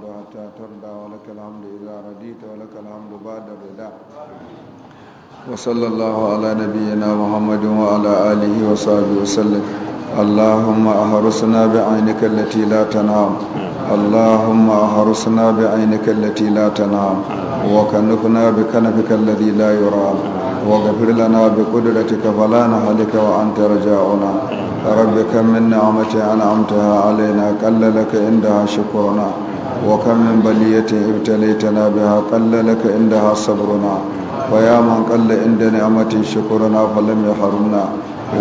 الحمد حتى ترضى ولك الحمد إذا رديت ولك الحمد بعد الرضا وصلى الله على نبينا محمد وعلى آله وصحبه وسلم اللهم أهرسنا بعينك التي لا تنام اللهم أهرسنا بعينك التي لا تنام وكنفنا بكنفك الذي لا يرام واغفر لنا بقدرتك فلا نهلك وأنت رجاؤنا رب كم من نعمة أنعمتها علينا قل لك عندها شكرنا وكم من بلية ابتليتنا بها قل لك عندها صبرنا ويا من قل عند نعمة شكرنا فلم يحرمنا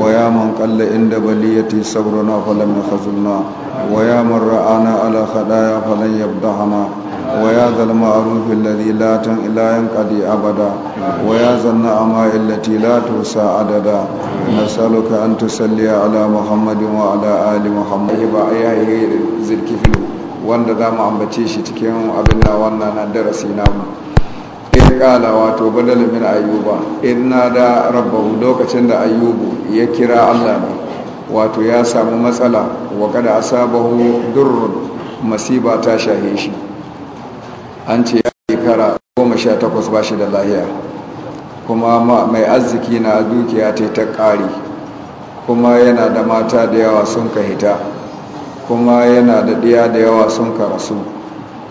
ويا من قل عند بلية صبرنا فلم يخزلنا ويا من رآنا على خدايا فلن يبدحنا ويا ذا المعروف الذي لا تن لا ينقضي أبدا ويا ذا النعماء التي لا توسى عددا نسألك أن تصلي على محمد وعلى آل محمد بأيائه ذي الكفل wanda za mu ambace shi cikin abin da wannan na darasi namu in kala wato badal min ayyuba in na da rabbahu lokacin da ayyubu ya kira allah ne wato ya samu matsala wa kada asabahu durrun masiba ta shahe shi an ce ya kara goma sha takwas ba shi da lahiya kuma mai arziki na dukiya ta ta ƙari kuma yana da mata da yawa sun ka hita kuma yana da ɗiya da yawa sun karasu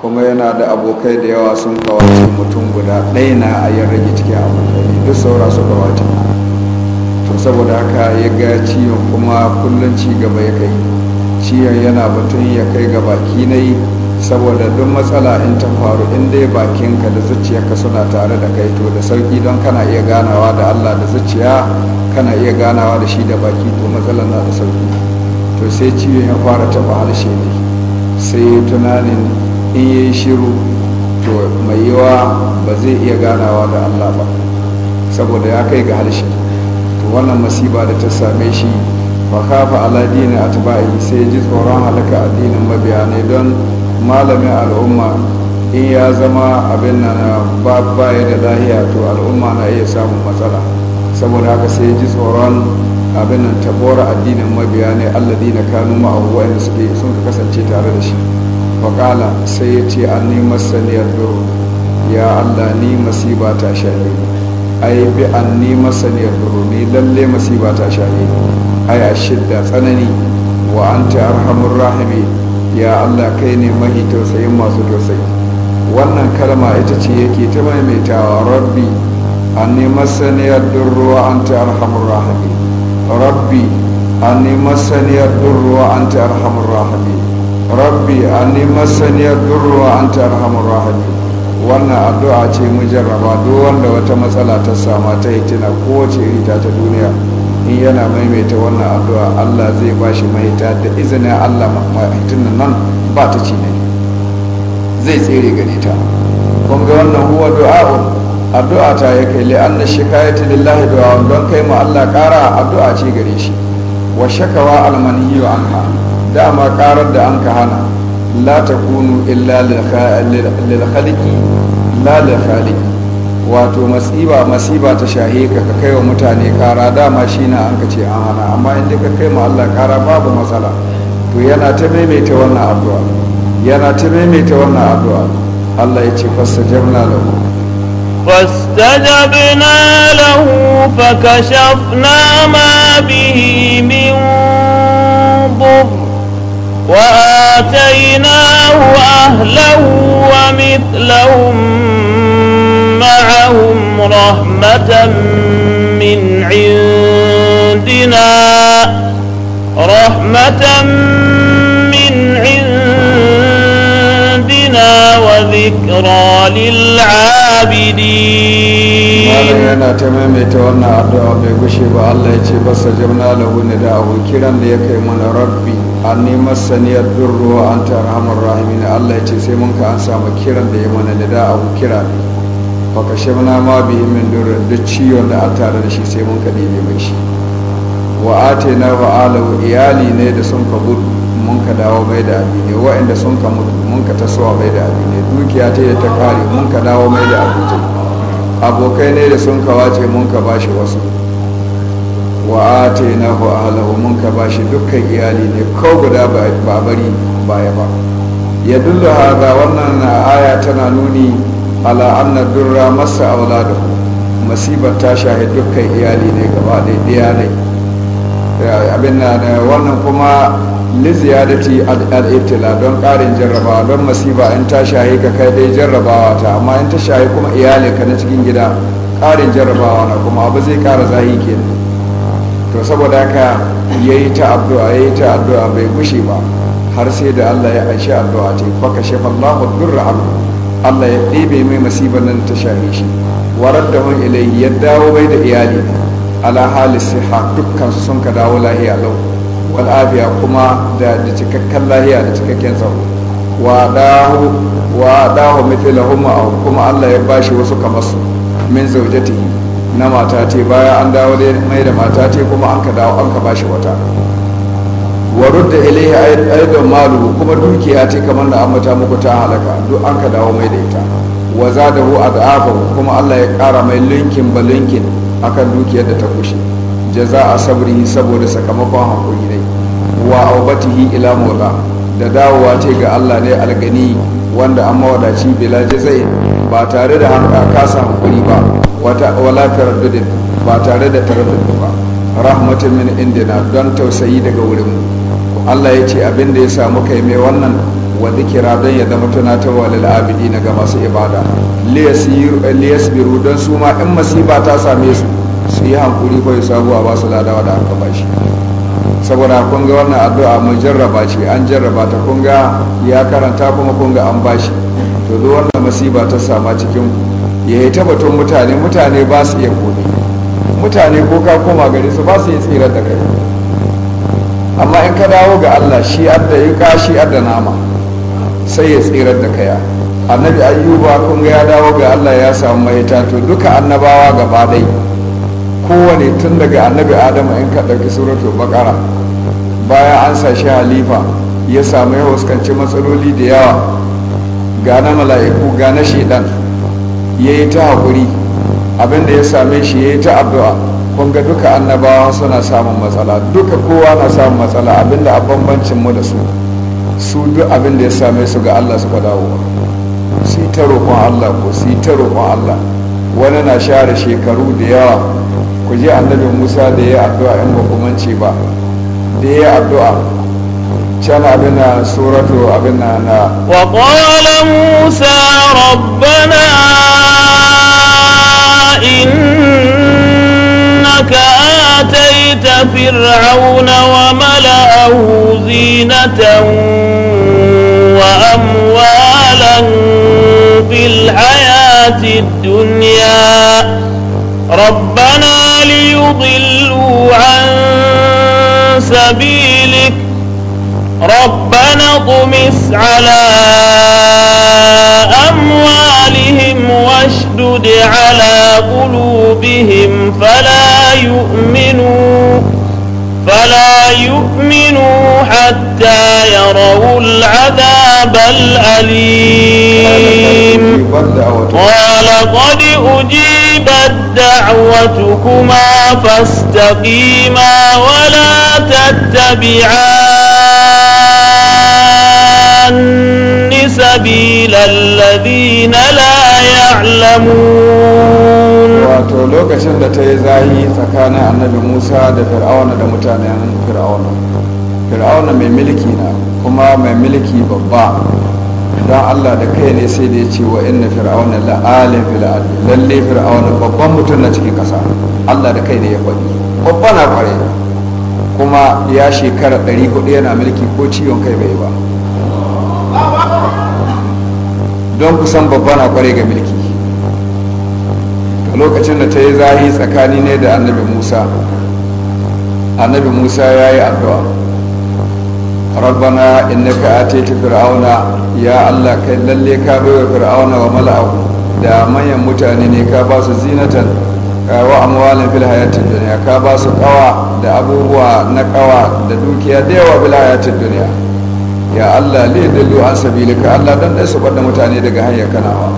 kuma yana da abokai da yawa sun kawace mutum guda ɗaya na a yin rage cikin abokai duk saura su kawace to saboda haka ya ga ciyon kuma kullum ci gaba ya kai ciyon yana batun ya kai ga baki na yi saboda duk matsala in ta faru in dai bakinka da zuciya ka suna tare da kai to da sauki don kana iya ganawa da allah da zuciya kana iya ganawa da shi da baki to matsalar na da sauki to sai ciwon ya fara taba harshe ne sai tunanin in ya yi shiru to mai yawa ba zai iya ganawa da allah ba saboda ya kai ga harshe to wannan masiba da ta same shi ba kafa aladini a sai ji tsoron halaka addinin mabiya ne don malamin al'umma in ya zama abin na ba baya da lahiya to al'umma na iya samun matsala saboda haka sai ji tsoron abin nan tabora addinin mabiya ne na kanu ma'ahu wa'anda suke sun ka kasance tare da shi faƙala sai ya ce an nema saniyar duru ya allah ni masiba ta shahe ai bi an nema saniyar duru ni lalle masiba ta shahe ai a shidda tsanani wa an ta arhamun rahimi ya allah kai ne mahi tausayin masu tausayi wannan kalma ita ce yake ta maimaitawa rabbi an nema saniyar duru wa an ta arhamun rahimi rabbi a ni ad durwa an ta arhamar rahami rabbi a ni ad durwa an ta arhamar rahami wannan addu'a ce mun jarraba, duk wanda wata matsala ta sama ta tina kowace iri ta ta duniya in yana maimaita wannan addu'a Allah zai bashi mahita da izinin Allah mahitunan nan ba ta ci ne zai tsere gare ta kun ga wannan huwa du'a'un addu'a ta ya kai li'anna shikayati lillahi du'a don kai ma Allah kara addu'a ce gare shi wa shakawa almaniyu anha dama karar da an ka hana la takunu illa lil khaliqi la lil khaliqi wato masiba masiba ta shahe ka ka kai wa mutane kara dama shi na an ka ce an hana amma inda ka kai ma Allah kara babu matsala to yana ta maimaita wannan addu'a yana ta maimaita wannan addu'a Allah ya ce fasta da lahu فاستجبنا له فكشفنا ما به من ضر وآتيناه أهله ومثلهم معهم رحمة من عندنا رحمة من عندنا ربنا وذكرى yana ta maimaita wannan da ya gushe ba Allah ya ce basa jamna lahu nida'ahu kiran da ya kai mana rabbi an nema saniyar durru an ta rahamar rahimin Allah ya ce sai mun ka an samu kiran da ya mana nida'ahu kira ne fa kashe mana ma bihi min durrin duk ciwon da an tare shi sai mun ka ɗebe mai shi wa ate na wa alahu iyali ne da sun ka mun ka dawo mai da abu ne waɗanda sun ka mutu mun ka tasowa mai da abu ne dukiya ta yi ta kare mun ka dawo mai da ne abokai ne da sun ka wace mun ka ba shi wasu wa yi na ku mun ka ba shi dukkan iyali ne ko guda ba bari baya ba ya dullu haza wannan na aya tana nuni ala anna durra masa ku. masibar ta shahi dukkan iyali ne gaba ɗaya ne abin na wannan kuma li ziyadati al-ibtila don karin jarrabawa don masiba in ta shahi ka kai dai jarrabawa ta amma in ta shahi kuma iyali ka na cikin gida karin jarrabawa na kuma abu zai kara zahi kenan to saboda ka yayi ta addu'a yayi ta addu'a bai gushe ba har sai da Allah ya aishi addu'a ce fa shafa Allahu durra Allah ya ɗebe mai masibar nan ta shahi shi warar da hun ilayhi ya dawo bai da iyali ala halis siha dukkan su sun ka dawo lahiya lau wal'afiya kuma da cikakken lahiya da cikakken tsaro wa dahu wa dahu aw kuma Allah ya bashi wasu kamar su min zaujatihi na mata ce bayan an dawo da mai da mata ce kuma an ka dawo an ka bashi wata wa da ilayhi aidan malu kuma dukiya ce kamar da an mata muku ta halaka duk an ka dawo mai da ita wa zadahu ad'afa kuma Allah ya kara mai linkin ba linkin akan dukiyar da ta kushe jaza a sabrihi saboda sakamakon haƙuri dai. wa aubatihi ila da dawowa ce ga Allah ne algani wanda an mawadaci bila jazai ba tare da kasa haƙuri ba wala taraddudin ba tare da taraddudin ba rahmatin min indina don tausayi daga wurin Allah ya ce abin da ya samu kai mai wannan wa zikira don ya zama tunatar wa abidi na ga masu ibada liyasbiru don su ma in masiba ta same su su yi hankuri ko ya sabu a basu ladawa da aka bashi saboda kun ga wannan addu'a mun jarraba ce an jarraba ta kun ga ya karanta kuma kun ga an bashi to duk wannan masiba ta sama cikin ku ya yi tabbatun mutane mutane ba su iya gobe mutane ko ka koma gari su ba su iya tsira da kai amma in ka dawo ga Allah shi adda ka shi adda nama sai ya tsira da kaya annabi ayyuba kun ga ya dawo ga Allah ya samu mahita to duka annabawa gaba dai kowane tun daga annabi Adamu in ka ɗauki suratul bakara bayan an sa shi halifa ya samu ya huskanci matsaloli da yawa ga na mala'iku ga na shaidan ya yi ta haƙuri abinda ya same shi ya yi ta addu'a kun ga duka annabawa suna samun matsala duka kowa na samun matsala abinda a bambancin mu da su su duk abinda ya same su ga allah su dawo su ta roƙon allah ko su yi ta roƙon allah wani na share shekaru da yawa ku ji annabi musa da ya addu'a in ba kumanci ba da ya addu'a can abin na suratu abin na na wa qala musa rabbana innaka ataita fir'auna wa mala'ahu zinatan wa amwalan fil hayati dunya ربنا ليضلوا عن سبيلك ربنا اطمس على أموالهم واشدد على قلوبهم فلا يؤمنوا فلا يؤمنوا حتى يروا العذاب الأليم قال قد أجيب تجيبت دعوتكما فاستقيما ولا تتبعان سبيل الذين لا يعلمون wato lokacin da ta yi zahi tsakanin annabi musa da fir'auna da mutanen fir'auna fir'auna mai mulki na kuma mai mulki babba don Allah da kai ne sai da ya ce wa inna fir'auna la alim fil lalle fir'auna babban mutum na cikin kasa Allah da kai ne ya faɗi babba na kware kuma ya shekara 400 yana mulki ko ciwon kai bai ba don kusan babba na kware ga mulki lokacin da ta yi zahi tsakani ne da annabi musa annabi musa ya yi addu'a rabbana innaka atayta fir'auna ya allah kai lalle ka baiwa fir'auna wa mala'ahu da manyan mutane ne ka ba su zinatan wa amwalin fil hayatid dunya ka ba su kawa da abubuwa na kawa da dukiya da yawa bil hayatid dunya ya allah li dallu an sabilika allah dan dai su bada mutane daga hanyar kanawa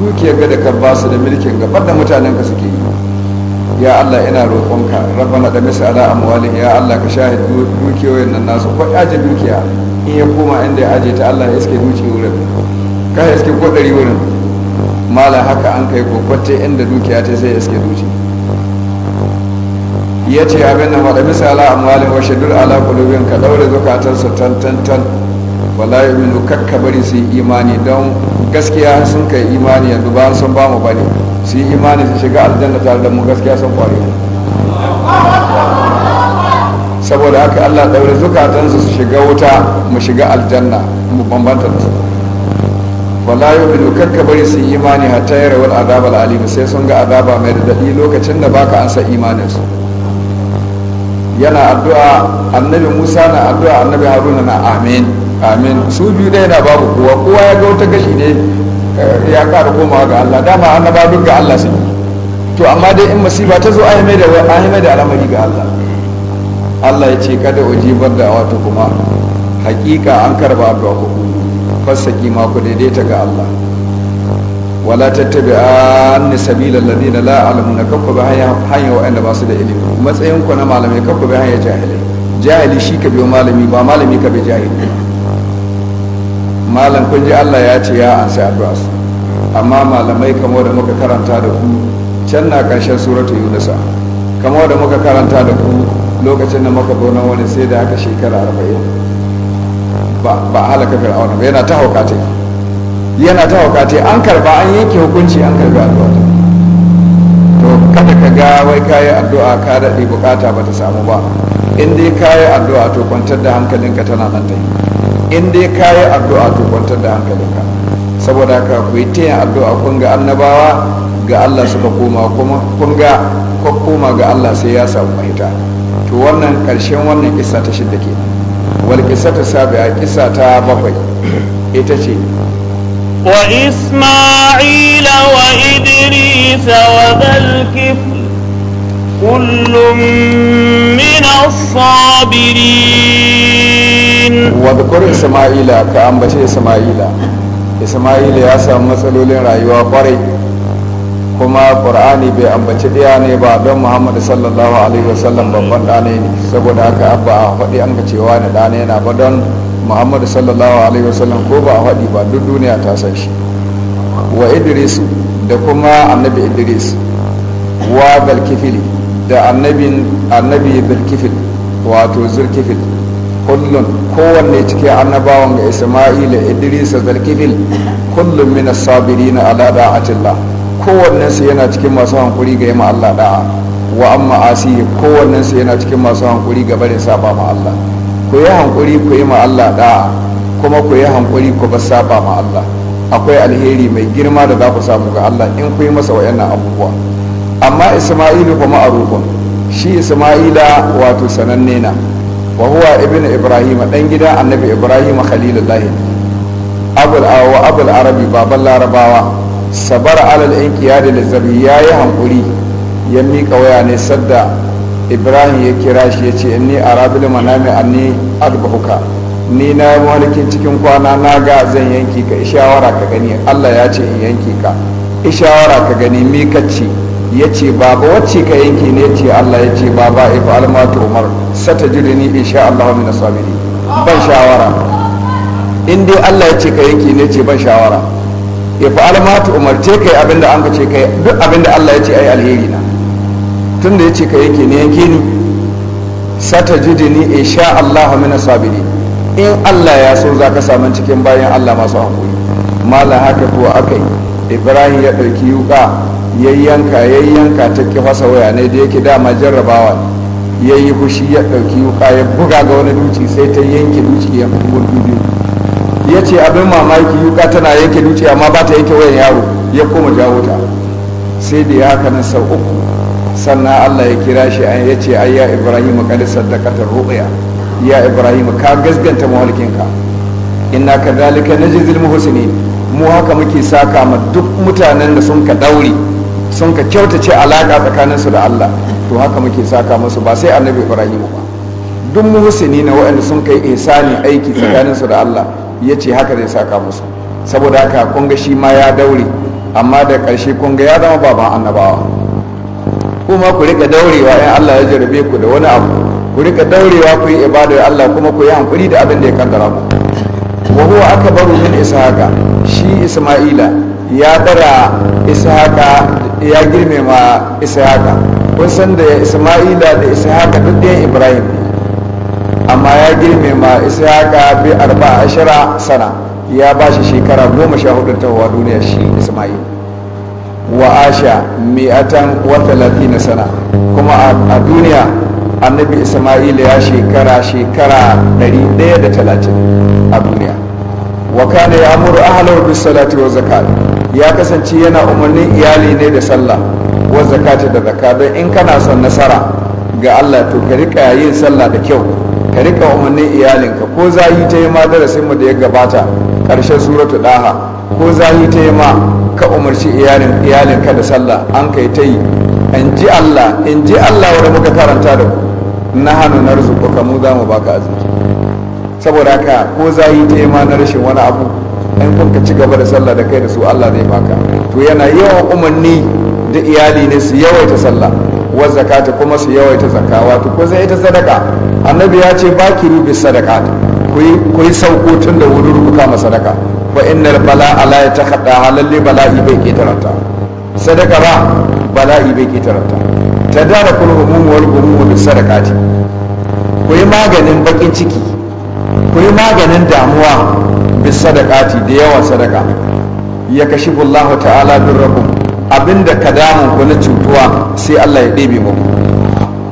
dukiyar ga da ka ba su da mulkin ga bada mutanen ka suke yi ya Allah ina roƙonka rabbana da misa ala amwalihim ya Allah ka sha dukiyoyin nan nasu ko aje dukiya in ya koma inda ya aje ta Allah ya iske duki wurin ka ya iske kodari wurin mala haka an kai kokwatte inda dukiya ta sai iske duki ya ce abin nan da misa ala amwalihim wa shadur ala qulubihim ka daure zukatansa tantantan tan tan wala yu'minu kakkabari su imani don gaskiya sun kai imani yanzu bayan sun ba mu ne su yi imani su shiga aljanna tare da mu gaskiya sun kware mu saboda haka Allah ɗaure zukatansu su shiga wuta mu shiga aljanna mu bambanta da su wala yu'minu kakka bari su imani hatta yi rawar azab al sai sun ga azaba mai da daɗi lokacin da baka ansa imanin su yana addu'a annabi Musa na addu'a annabi Haruna na amin amin su biyu dai na babu kowa kowa ya ga wata gashi ne eh, ya ƙara komawa ga Allah dama annaba duk ga Allah sun yi to amma dai in masiba ta zo ayi mai da ayi mai da al'amari ga Allah Allah ya ce kada bar da wato kuma hakika an karba addu'a ku fassaki ma ku daidaita ga Allah wala tattabi an sabilal ladina la alamuna kafa bi hayya hayya wa ba su da ilimi matsayin ku na malamai kafa bi hayya jahili jahili shi ka biyo malami ba malami ka bi jahili malam kun ji Allah ya ce ya ansa addu'a su amma malamai kamo da muka karanta da ku can na karshen suratu yunusa kamo da muka karanta da ku lokacin da muka gona wani sai da aka shekara arba'in ba halaka fir'auna ba yana ta hauka ta yana ta hauka ta an karba an yanke hukunci an karbi addu'a ta to kada ka ga wai kayi addu'a ka daɗe bukata ba ta samu ba in dai kayi addu'a to kwantar da hankalinka tana nan ta yi in dai ka yi addu'a to kwantar da hankalinka saboda ka ku yi ta addu'a kun ga annabawa ga Allah suka koma kuma kun ga koma ga Allah sai ya samu mahita to wannan karshen wannan kisa ta shidda ke wal kissa ta sabiya kissa ta bakwai ita ce wa isma'ila wa idrisa wa dhalkif وكل من الصابرين واذكر إسماعيل كأنبتي إسماعيل إسماعيل يا سام مسلولين رأيوا قري kuma ƙur'ani bai ambaci ɗaya ne ba don muhammad sallallahu alaihi wasallam babban ɗane ne saboda haka abba a faɗi an cewa da ɗane na ba don muhammad sallallahu ko ba a faɗi ba duk duniya ta san shi wa idris da kuma annabi idris wa galkifili da annabi bilkifil wato zirkifil kullum kowanne cike annabawan ga isma'ila idrisa zalkifil kullum min as na al'ada a kowannen su yana cikin masu hankuri ga yamma Allah da'a wa an ma'asi kowannen su yana cikin masu hankuri ga barin saba ma Allah ku yi hankuri ku yi ma Allah da'a kuma ku yi hankuri ku bar saba ma Allah akwai alheri mai girma da za ku samu ga Allah in ku yi masa wayannan abubuwa amma isma'ilu fa ma'rufun shi isma'ila wato sananne na wa huwa ibnu ibrahim dan gida annabi ibrahim khalilullahi abul awa abul arabi baban larabawa sabar alal inqiyad lizabi yayi hankuri ya mika waya ne sadda ibrahim ya kira shi ya ce inni arabil manami anni albahuka ni na yi malikin cikin kwana na ga zan yanki ka ishawara ka gani allah ya ce in yanki ka ishawara ka gani mikacci ya ce baba wacce ka yanke ne ce Allah ya ce baba ifa almatu umar sata ni in sha Allah min asabiri ban shawara in dai Allah ya ce ka yanke ne ce ban shawara ifa almatu umar je kai abinda an ka ce kai duk abinda Allah ya ce ai alheri na tunda ya ce ka yanke ne yanke ni sata ni in sha Allah min asabiri in Allah ya so za ka samu cikin bayan Allah masu hankali mala haka ko akai ibrahim ya ɗauki yuka yayyanka yayyanka ta ke fasa waya ne da yake dama jarrabawa ya yi hushi ya ɗauki wuka ya buga ga wani duci sai ta yanke duci ya bugun biyu ya ce abin mamaki wuka tana yanke duci amma ba ta yanke wayan yaro ya koma jawo ta sai da ya haka nan sau uku sannan allah ya kira shi an ya ce ai ya ibrahim kada sadakatar ruɓaya ya ibrahim ka gasganta mawalkinka inna na jizil muhusini mu haka muke saka ma duk mutanen da sun ka daure sun ka kyautace alaƙa tsakaninsu da Allah to haka muke saka musu ba sai annabi Ibrahim ba duk muhsini na waɗanda sun kai ihsani aiki tsakaninsu da Allah ya ce haka zai saka musu saboda haka kun ga shi ma ya daure amma da ƙarshe kun ga ya zama baban annabawa kuma ku rika daurewa in Allah ya jarabe ku da wani abu ku rika daurewa ku yi ibada Allah kuma ku yi hankuri da abin da ya kaddara ku wa huwa akbaru min ishaqa shi isma'ila ya bara ishaqa ya girme ma isa kun san da isma'ila da haka duk ɗayan ibrahim amma ya girme ma haka bi arba ashara sana ya ba shi shekara goma sha hudu ta wa duniya shi isma'il wa asha mi'atan wa talatina sana kuma a duniya annabi isma'ila ya shekara shekara talatin a duniya wa kana ya muru ahalar bis wa zakati ya kasance yana umarnin iyali ne da sallah wa zakata da zakka don in kana son nasara ga Allah to ka rika yin sallah da kyau ka rika umarnin iyalinka ko zahi ta yi ma darasin mu da ya gabata karshen suratu daha ko zahi ta yi ma ka umarci iyalin iyalinka da sallah an kai ta yi in ji Allah in ji Allah wanda muka karanta da ku na hannu na ko kamu za mu baka arziki saboda haka ko zahi ta yi ma na rashin wani abu in kun ka ci gaba da sallah da kai da su Allah zai baka to yana yawan umarni da iyali ne su yawaita sallah wa zakata kuma su yawaita zakka wato ko zai ita sadaka annabi ya ce baki rubi sadaka Kuyi yi sauko tun da wurin rubuta ma sadaka fa innal bala'a la yatakhadda Bala bala'i bai ke ketaranta sadaka ba bala'i bai ke dara kullu humum wal gumum bi sadakati ku maganin bakin ciki Kuyi maganin damuwa bis da yawan sadaka ya kashi Allah ta'ala bin rabbu abinda ka damu ku na cutuwa sai Allah ya ɗebe muku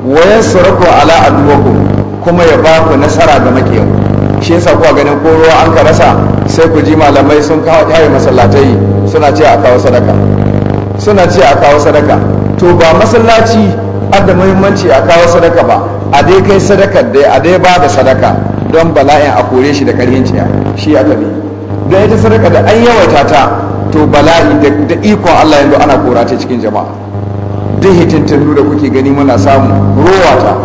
Wayan suraku ala adwakum kuma ya ba ku nasara ga makiyan shi yasa kuwa ganin ko ruwa an ka rasa sai ku ji malamai sun kawo kare masallatai suna ce a kawo sadaka suna ce a kawo sadaka to ba masallaci adda muhimmanci a kawo sadaka ba a dai kai sadakar dai a dai ba da sadaka don bala'in a kore shi da karhin ciya shi ya ne don ita sadaka da an yawaita ta to bala'i da ikon Allah yanzu ana kora ta cikin jama'a duk hitintannu da kuke gani muna samu rowa ta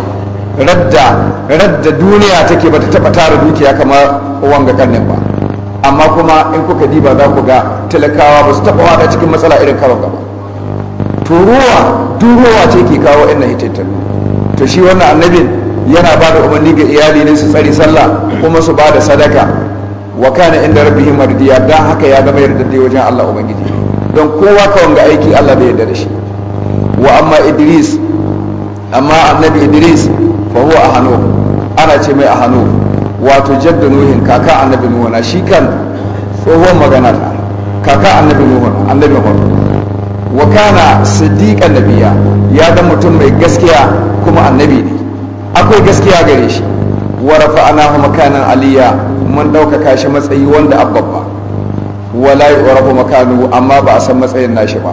radda radda duniya take bata taba tara dukiya kamar wanga kannin ba amma kuma in kuka diba za ku ga talakawa ba su taba wada cikin matsala irin karon gaba to rowa duk rowa ce ke kawo ina hitintannu to shi wannan annabin yana ba da umarni ga iyali ne su tsari sallah kuma su ba da sadaka wa kana inda rabbihi mardiya dan haka ya yarda yardadde wajen Allah ubangiji don kowa ka ga aiki Allah bai yarda da shi wa amma Idris amma annabi Idris fa huwa ahanu ana ce mai ahanu wato jaddu nuhin kaka annabi nuhu na shi kan tsohon magana ta kaka annabi nuhu annabi nuhu wa kana siddiqan nabiyya ya da mutum mai gaskiya kuma annabi ne akwai gaskiya gare shi wa rafa'nahu makanan aliyya mun ɗaukaka shi matsayi wanda abbabba wala yu'rafu makanu amma ba a san matsayin nashi ba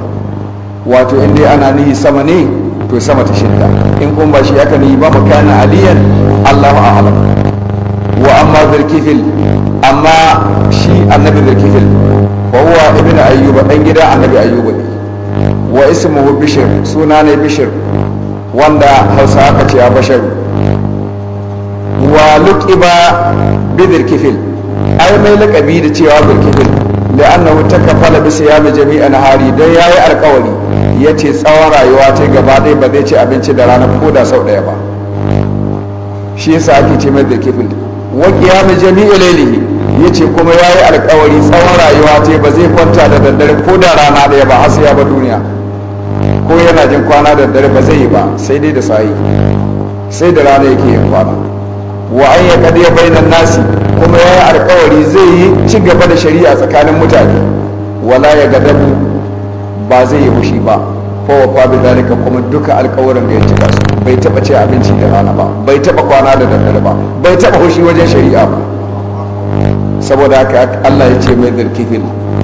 wato in dai ana nihi sama ne to sama ta shidda in kun ba shi aka nihi ba makanan aliyan Allahu a'lam wa amma zulkifil amma shi annabi zulkifil wa huwa ibnu ayyuba dan gida annabi ayyuba ne wa ismuhu bishir suna ne bishir wanda hausa aka ce a basharu wa luqiba bi dhilkifil ai mai lakabi da cewa dhilkifil da annahu takafala bi siyami jami'a nahari dan yayi alƙawari yace tsawon rayuwa ta gaba ɗaya ba zai ci abinci da rana ko da sau ɗaya ba shi yasa ake ce mai dhilkifil wa qiyam jami'a laylihi yace kuma yayi alƙawari tsawon rayuwa ta ba zai kwanta da daddare ko da rana daya ba har ba duniya ko yana jin kwana da dare ba zai yi ba sai dai da sayi sai da rana yake yin kwana wa an ya kadiya bainan nasi kuma ya yi alkawari zai yi ci gaba da shari'a tsakanin mutane wala ya gadabu ba zai yi fushi ba fa wa fa bidalika kuma duka alkawarin da ya cika su bai taba ce abinci da rana ba bai taba kwana da daddare ba bai taba fushi wajen shari'a ba saboda haka Allah ya ce mai zarkifin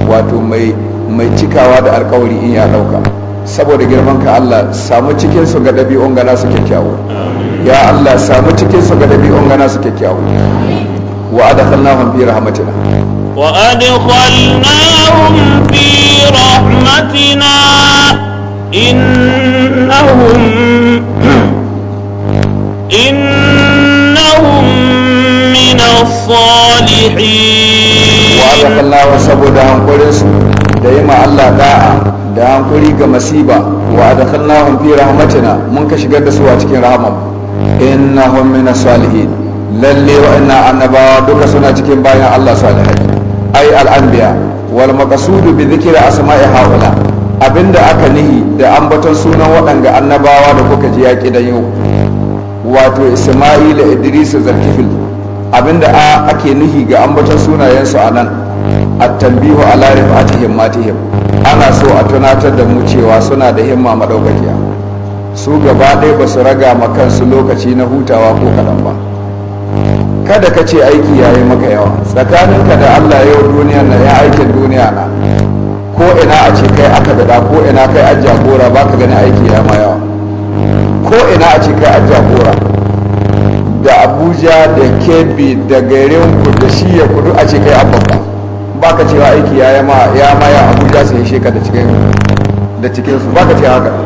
wato mai mai cikawa da alkawari in ya dauka saboda girman ka Allah samu cikin su ga dabi'un ga nasu kyakkyawa ya Allah samu cikin su ga dabi'un gana su kyakkyawa wa adkhalnahum fi rahmatina wa adkhalnahum fi rahmatina innahum innahum min as-salihin wa adkhalnahum saboda hankurin su da yi ma Allah da'a da hankuri ga masiba wa adkhalnahum fi rahmatina mun ka shigar da su a cikin rahmamu innahum min salihin lalle inna annabawa duka suna cikin bayan Allah salihai ai al-anbiya wal maqsudu bi dhikri asma'i haula abinda aka nihi da ambaton sunan wadanga annabawa da kuka ji yaki da yau wato isma'ila idris zarkifil abinda a ake nihi ga ambaton sunayensu a nan at-tanbihu ala rifatihim matihim ana so a tunatar da mu cewa suna da himma madaukakiya su gaba ɗaya ba su raga ma kansu lokaci na hutawa ko kaɗan ba kada ka ce aiki ya yi maka yawa tsakaninka da allah yau duniya na ya aikin duniya na ko ina a ce kai aka bada ko ina kai an jagora ba ka gani aiki ya ma yawa ko ina a ce kai an jagora da abuja da kebbi da garin ku da shi ya kudu a ce kai an babba ba ka cewa aiki ya ma ya abuja sai sheka da cikin da cikin su ba ka ce haka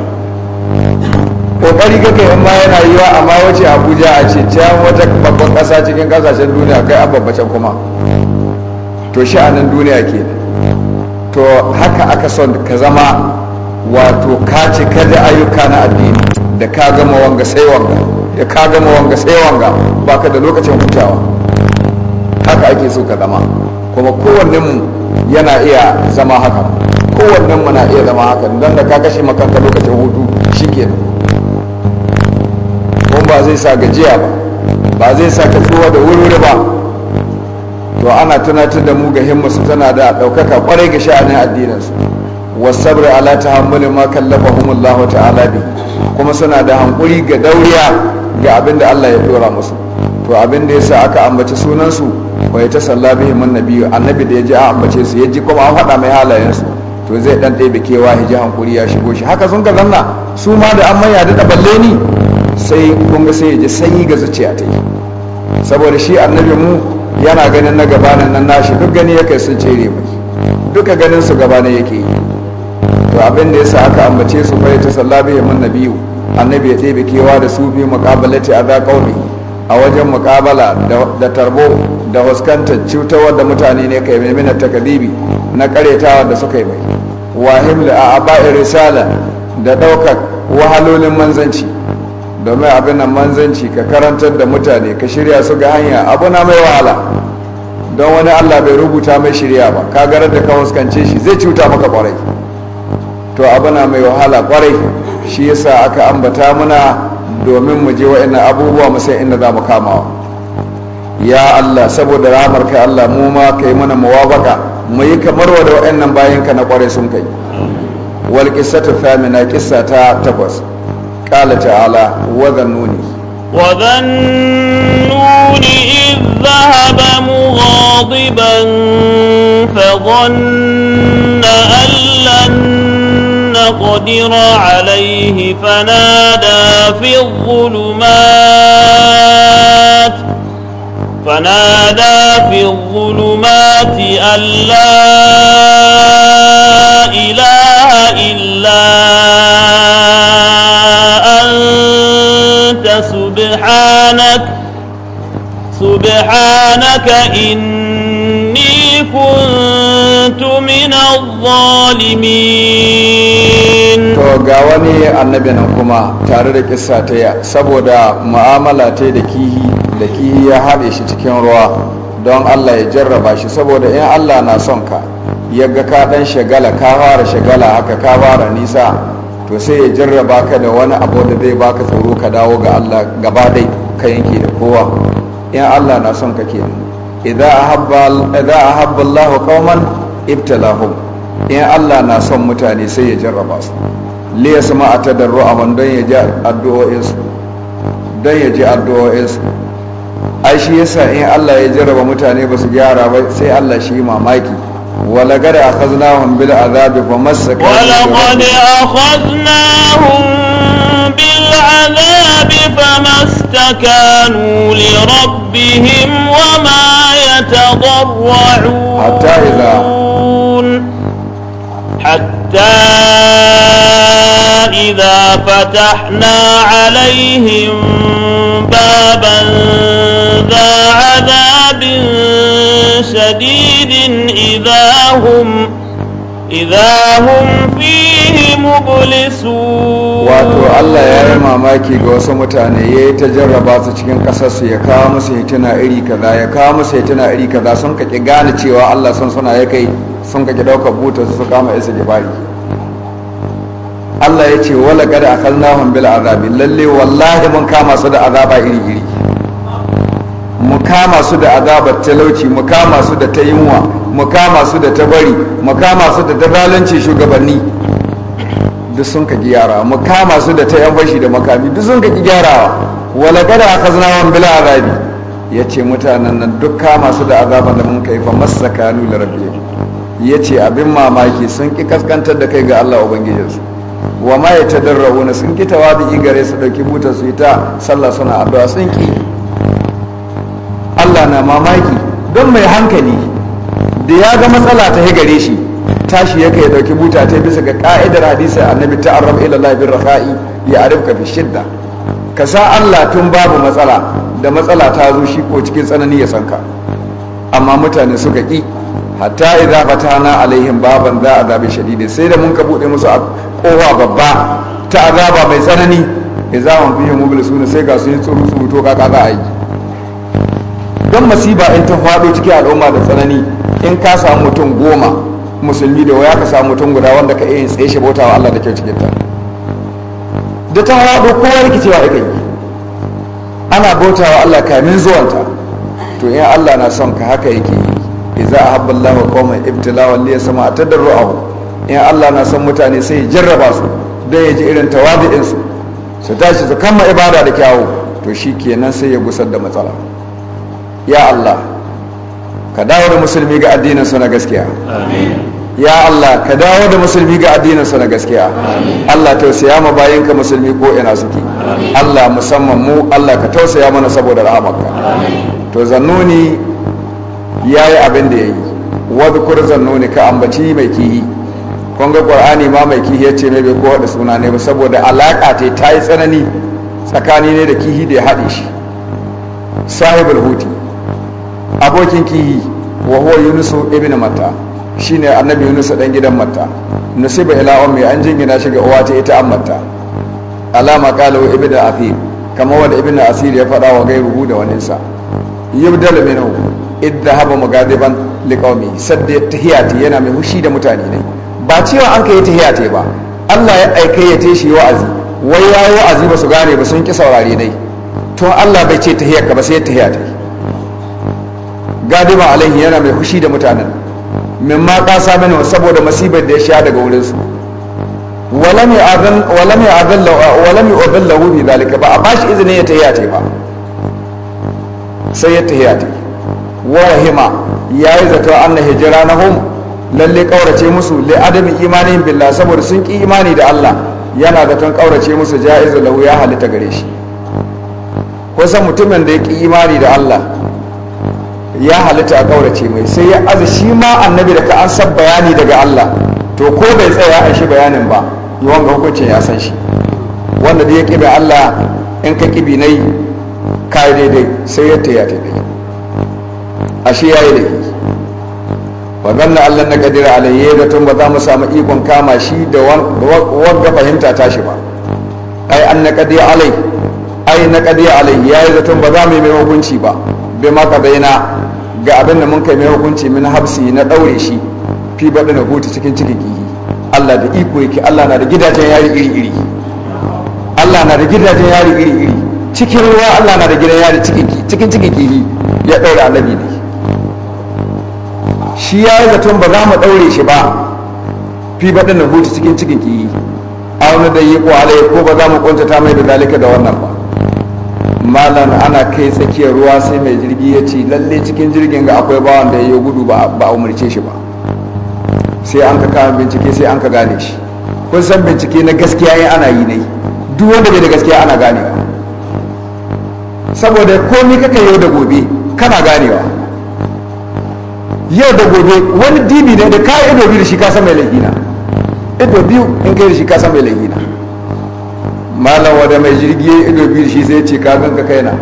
kokari kake in ma yana yiwa amma wace abuja a ce ta wata babban kasa cikin kasashen duniya kai a babbacin kuma to shi a nan duniya ke to haka aka son ka zama wato ka ce kada ayyuka na addini da ka gama wanga sai wanga da ka gama wanga sai wanga baka da lokacin hutawa haka ake so ka zama kuma mu yana iya zama haka kowanne mu na iya zama haka don da ka kashe makanka lokacin hutu shikenan ba zai sa gajiya ba ba zai sa ka tsowa da wuri ba to ana tunatar da mu ga himmasu tana da ɗaukaka kwarai ga sha'anin addininsu wasabri ala tahammuli ma kallafahumullah ta'ala bi kuma suna da hankuri ga dauriya ga abin da Allah ya dora musu to abin da yasa aka ambaci sunansu wa ya tasalla bihim annabi annabi da ya ji a ambace su ya ji kuma an faɗa mai halayensu to zai dan ɗebe kewa hiji hankuri ya shigo shi haka sun ka zanna su ma da an maya da balle ni sai kunga sai ya ji sanyi ga zuciya ta yi saboda shi annabi mu yana ganin na gabanin nan nashi duk gani ya kai sun cere mai duka ganin su gabana yake yi to abin da yasa aka ambace su fa ta sallabi ya manna biyu annabi ya tebe kewa da su bi muqabalati adha qaumi a wajen muqabala da tarbo da huskantar cutarwar da mutane ne kai mai takadibi na karyatawa da suka yi mai wahim da a risala da ɗaukar wahalolin manzanci domin abin nan manzanci ka karantar da mutane ka shirya su ga hanya abu na mai wahala don wani allah bai rubuta mai shirya ba ka garar da ka huskance shi zai cuta maka kwarai to abu na mai wahala kwarai shi yasa aka ambata muna domin mu je wa'in abubuwa mu san inda za mu kamawa ya allah saboda ramar kai allah mu ma ka yi mana mawabaka mu yi kamar wa da wa'in nan bayan ka na kwarai sun kai wal ta famina kisa ta takwas kala ta'ala wa zannuni wa zannuni idh dhahaba mughadiban fa dhanna an lan نقدر عليه فنادى في الظلمات فنادى في الظلمات أن سبحانك سبحانك إني كنت من الظالمين to ga wani annabi nan kuma tare da kissa ta saboda mu'amala ta da kihi da kihi ya haɗe shi cikin ruwa don Allah ya jarraba shi saboda in Allah na son ka yaga ka dan shagala ka fara shagala haka ka fara nisa to sai ya jarraba ka da wani abu da zai baka tsoro ka dawo ga Allah gaba dai ka yanke da kowa in Allah na son ka kenan idza a idza Allahu kawman ibtalahum in Allah na son mutane sai ya jarraba su li yasma atadarru'ahum don ya ji addu'o'insu don ya ji addu'o'insu su ai shi yasa in Allah ya jarraba mutane ba su gyara ba sai Allah shi mamaki ولقد أخذناهم بالعذاب فما استكانوا ولقد أخذناهم بالعذاب فما استكانوا لربهم وما يتضرعون حتى إذا حتى إذا فتحنا عليهم بابا ذا عذاب شديد إذا هم إذا هم فيه مبلسون wato Allah ya yi mamaki ga wasu mutane ya yi ta jarraba su cikin ƙasarsu ya kawo musu hitina iri kaza ya kawo musu hitina iri kaza sun kake gane cewa Allah son suna ya kai sun kage daukar buta su kama isa gibari Allah ya ce wala kada a kallahun bil azabi lalle wallahi mun kama su da azaba iri iri mu kama su da azabar talauci mu kama su da ta yunwa mu kama su da ta bari mu kama su da dalalance shugabanni duk sun ka gyara mu kama su da ta yan fashi da makami duk sun ka gyarawa wala kada a kallahun bil azabi ya ce mutanen nan duk kama su da azabar da mun kai fa masakanu lula ya ce abin mamaki sun ki kaskantar da kai ga Allah Ubangijinsu wa ma ya tadarrawuna sun ki tawadi gare su dauki butar su ta sallah suna addu'a sun ki Allah na mamaki don mai hankali da ya ga matsala ta gare shi tashi ya kai dauki buta ta bisa ga ka'idar hadisi annabi ta'arrab ila Allah bin rafa'i ya arifka fi shidda ka sa Allah tun babu matsala da matsala ta zo shi ko cikin tsanani ya sanka amma mutane suka ki hatta idza fatana alaihim baban za azabi shadidi sai da mun ka bude musu kowa babba ta azaba mai tsanani idza hum fihi mublisun sai ga su yi tsuru su to kaka za a dan don masiba in ta fado cikin al'umma da tsanani in ka samu mutum goma musulmi da waya ka samu mutum guda wanda ka iya tsaye shi bauta wa Allah da kyau cikin ta da ta faɗo kowa rikicewa ya kai ana bauta wa Allah kamin zuwanta to in Allah na son ka haka yake yi idza ahabba Allah qauman sama a yasma abu in Allah na san mutane sai ya jarraba su dan ya ji irin tawadu'in su su tashi su kama ibada da kyawu to shi kenan sai ya gusar da matsala ya Allah ka dawo da musulmi ga addinin su na gaskiya ya Allah ka dawo da musulmi ga addinin su na gaskiya Allah tausaya ma ka musulmi ko ina suke Allah musamman mu Allah ka tausaya mana saboda rahamarka to zannuni ya yi abin da ya yi wadda kurzan nuni ka ambaci mai kihi kun ƙwar'ani ma mai kihi ya ce mai bai kowa da suna ne saboda alaƙa ta ta yi tsanani tsakani ne da kihi da ya haɗe shi sahibul huti abokin kihi wa huwa yunusu ibn matta shine annabi yunusu dan gidan matta nusiba ila ummi an jingina shi ga uwa ta ita an matta alama qalu ibnu afir kamar wanda ibnu asir ya faɗa wa gairuhu da waninsa yubdal minhu idda haba magadiban liqaumi sadda tahiyati yana mai hushi da mutane ne ba cewa an kai tahiyati ba Allah ya aike ya tashi wa'azi wai ya yi wa'azi ba su gane ba sun ki saurare dai to Allah bai ce tahiyar ka ba sai tahiyati gadiba alaihi yana mai hushi da mutanen ma kasa mini saboda masibar da ya sha daga wurin su walam yu'adhan walam yu'adhan walam yu'adhan lahu bi ba a bashi izinin ya tahiyati ba sai ya tahiyati wa ya yi zato na hum lalle kaurace musu li adami imanin billah saboda sun ki imani da Allah yana da tun kaurace musu jaizu lahu ya halitta gare shi kusan mutumin da ya ki imani da Allah ya halitta a kaurace mai sai ya azu shi ma annabi da ka an san bayani daga Allah to ko bai tsaya a shi bayanin ba yi wanga hukuncin ya san shi wanda da ya ƙi Allah in ka ƙi nai ka daidai sai ya ta ya ashe ya yi da yi ganna allon na kadira alayhi da tun ba za mu samu ikon kama shi da wadda fahimta tashi ba ai an na kadira alai ai na kadira alai ya yi tun ba za mu yi mai hukunci ba bai maka bayyana ga abin da mun kai mai hukunci min habsi na daure shi fi na hutu cikin cikin gigi allah da iko yake allah na da gidajen yari iri iri allah na da gidajen yari iri iri cikin ruwa allah na da gidan yari cikin cikin gigi ya daure annabi ne shi ya yi zaton ba za mu ɗaure shi ba fi baɗin na hutu cikin cikin ƙi. a wani da yi ƙwale ko ba za mu ƙuntata mai da dalika da wannan ba malam ana kai tsakiyar ruwa sai mai jirgi ya ce lalle cikin jirgin ga akwai bawan da ya yi gudu ba a umarce shi ba sai an ka kama bincike sai an ka gane shi kun san bincike na gaskiya yi ana yi ne duk wanda bai da gaskiya ana ganewa saboda komi kaka yau da gobe kana ganewa yau da gobe wani dibi ne da ka ido biyu da shi kasa mai laihina ido biyu in kai da shi kasa mai laihina malam wada mai jirgi ya ido biyu da shi sai ce ka ganka kaina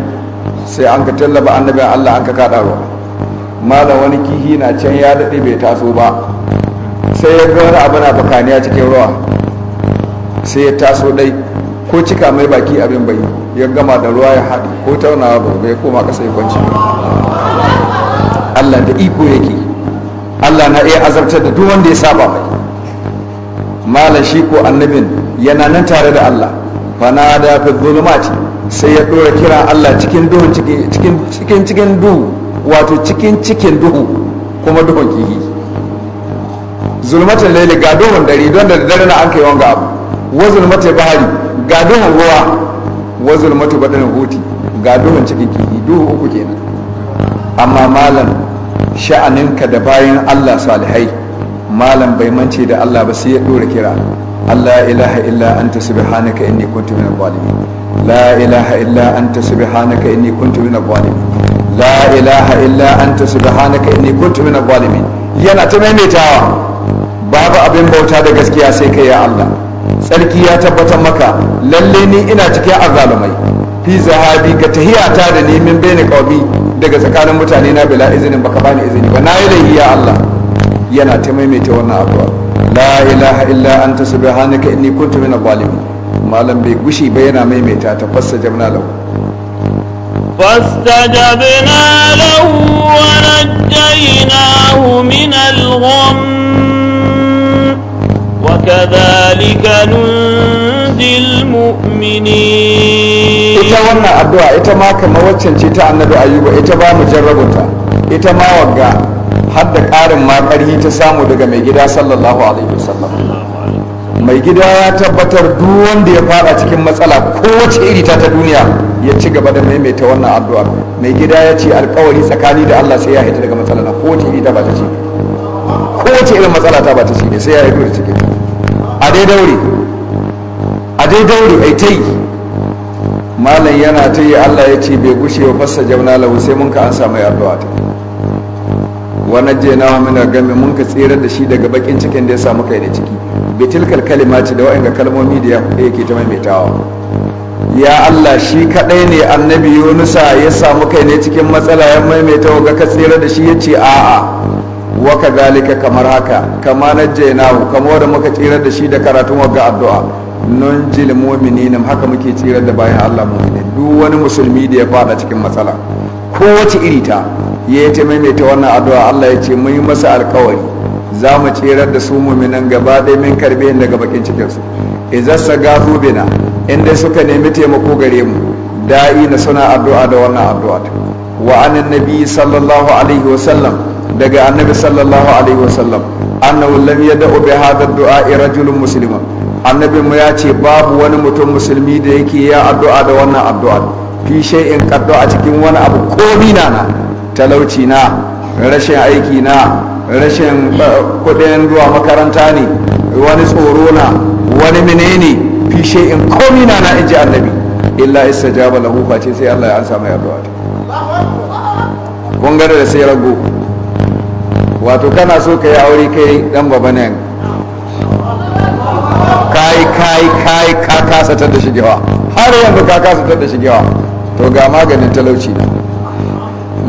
sai an ka tallaba annabin allah an ka kaɗa ruwa malam wani kihi na can ya daɗe bai taso ba sai ya ga wani abu na bakaniya cikin ruwa sai ya taso dai ko cika mai baki abin bai ya gama da ruwa ya haɗe ko taunawa ba ya koma ƙasa ya kwanci Allah da iko yake Allah na iya azabtar da duk wanda ya saba mai malam shi ko annabin yana nan tare da Allah fana da fi zulumati sai ya dora kira Allah cikin duhu cikin cikin cikin duhu wato cikin cikin duhu kuma duhun kihi zulmatin laili ga duhun dare don da dare na an kai wanga abu wa zulmatin bahari ga duhun ruwa wa zulmatin badanin huti ga duhun cikin kihi duhu uku kenan amma malam sha'aninka da bayan Allah salihai malam bai mance da Allah ba sai ya dora kira Allah ilaha illa anta subhanaka inni kuntu minal zalimin la ilaha illa anta subhanaka inni kuntu minal zalimin la ilaha illa anta subhanaka inni kuntu minal zalimin yana ta maimaitawa babu abin bauta da gaskiya sai kai ya Allah sarki ya tabbatar maka lalle ni ina cikin azalumai fi zahabi ga tahiyata da nemin bayna qawmi daga tsakanin mutane na bila izinin baka bani izini ba na yi laifi ya Allah yana ta maimaita wannan addu'a la ilaha illa anta subhanaka inni kuntu min zalimin malam bai gushi ba yana maimaita ta fassa jamna lahu فاستجبنا na ونجيناه من الغم وكذلك ننجي المؤمنين ita wannan addu'a ita ma kamar waccan ce ta annabi ayyuba ita ba mu jarrabuta ita ma wagga har da ƙarin ma ta samu daga mai gida sallallahu alaihi wasallam mai gida ya tabbatar duk wanda ya fara cikin matsala kowace iri ta ta duniya ya ci gaba da maimaita wannan addu'a mai gida ya ce alkawari tsakani da Allah sai ya haita daga matsala ko wace iri ta ba ta ce wace irin matsala ta ba ta ce sai ya yi da cikin a dai daure a dai daure ai ta yi malam yana ta yi allah ya ce bai gushe wa fassa jamna lahu sai mun ka an samu addu'a ta wani wani na gami mun ka tsirar da shi daga bakin cikin da ya samu kai da ciki kalima ce da ga kalmomi da ya yake ta maimaitawa ya Allah shi kadai ne annabi Yunusa ya samu kai ne cikin matsala ya maimaita ga ka tsira da shi ya ce a'a Waka zalika kamar haka kama najjaynahu kama wadda muka tsirar da shi da karatun wagga addu'a nun jil mu'minin haka muke tsirar da bayan Allah mu'minin duk wani musulmi da ya fada cikin matsala kowace iri ta yayi ta maimaita wannan addu'a Allah ya ce mun yi masa alkawari za mu tsirar da su mu'minan gaba ɗaya min karbe daga bakin cikin su idza sagafu bina inda suka nemi taimako gare mu da'i na suna addu'a da wannan addu'a wa anan nabi sallallahu alaihi wa sallam daga annabi sallallahu alaihi wasallam annahu lam yad'u bi hadha dua rajulun muslima annabin mu ya ce babu wani mutum musulmi da yake ya addu'a da wannan addu'a fi shay'in qaddu a cikin wani abu komi na na talauci na rashin aiki na rashin eh, kudin zuwa makaranta ne wani tsoro na wani menene fi shay'in komi na na inji annabi illa istajaba lahu face sai Allah ya ansa mai addu'a kun gada da sai rago wato kana so ka yi aure kai dan baba ne kai kai kai ka kasa ta da shigewa har yanzu ka kasa ta da shigewa to ga maganin talauci na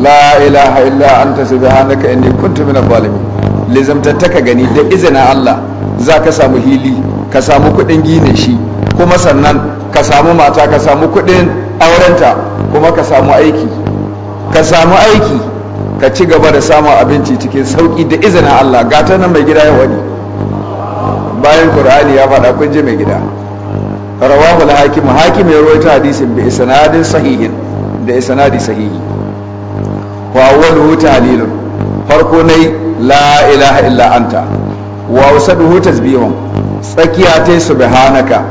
la ilaha illa anta subhanaka inni kuntu minadh zalimin lizamtattaka gani da izinin Allah za ka samu hili ka samu kudin gine shi kuma sannan ka samu mata ka samu kudin aurenta kuma ka samu aiki ka samu aiki ka ci gaba da samun abinci cikin sauƙi da izinin Allah gata nan mai gida ya wani bayan Qur'ani ya faɗa kun ji mai gida rawahu al-hakim hakim ya rawaita hadisin bi isnadin sahihin da isnadi sahihi wa awwaluhu ta'lilun farko nai la ilaha illa anta wa wasaduhu tasbihun tsakiya ta subhanaka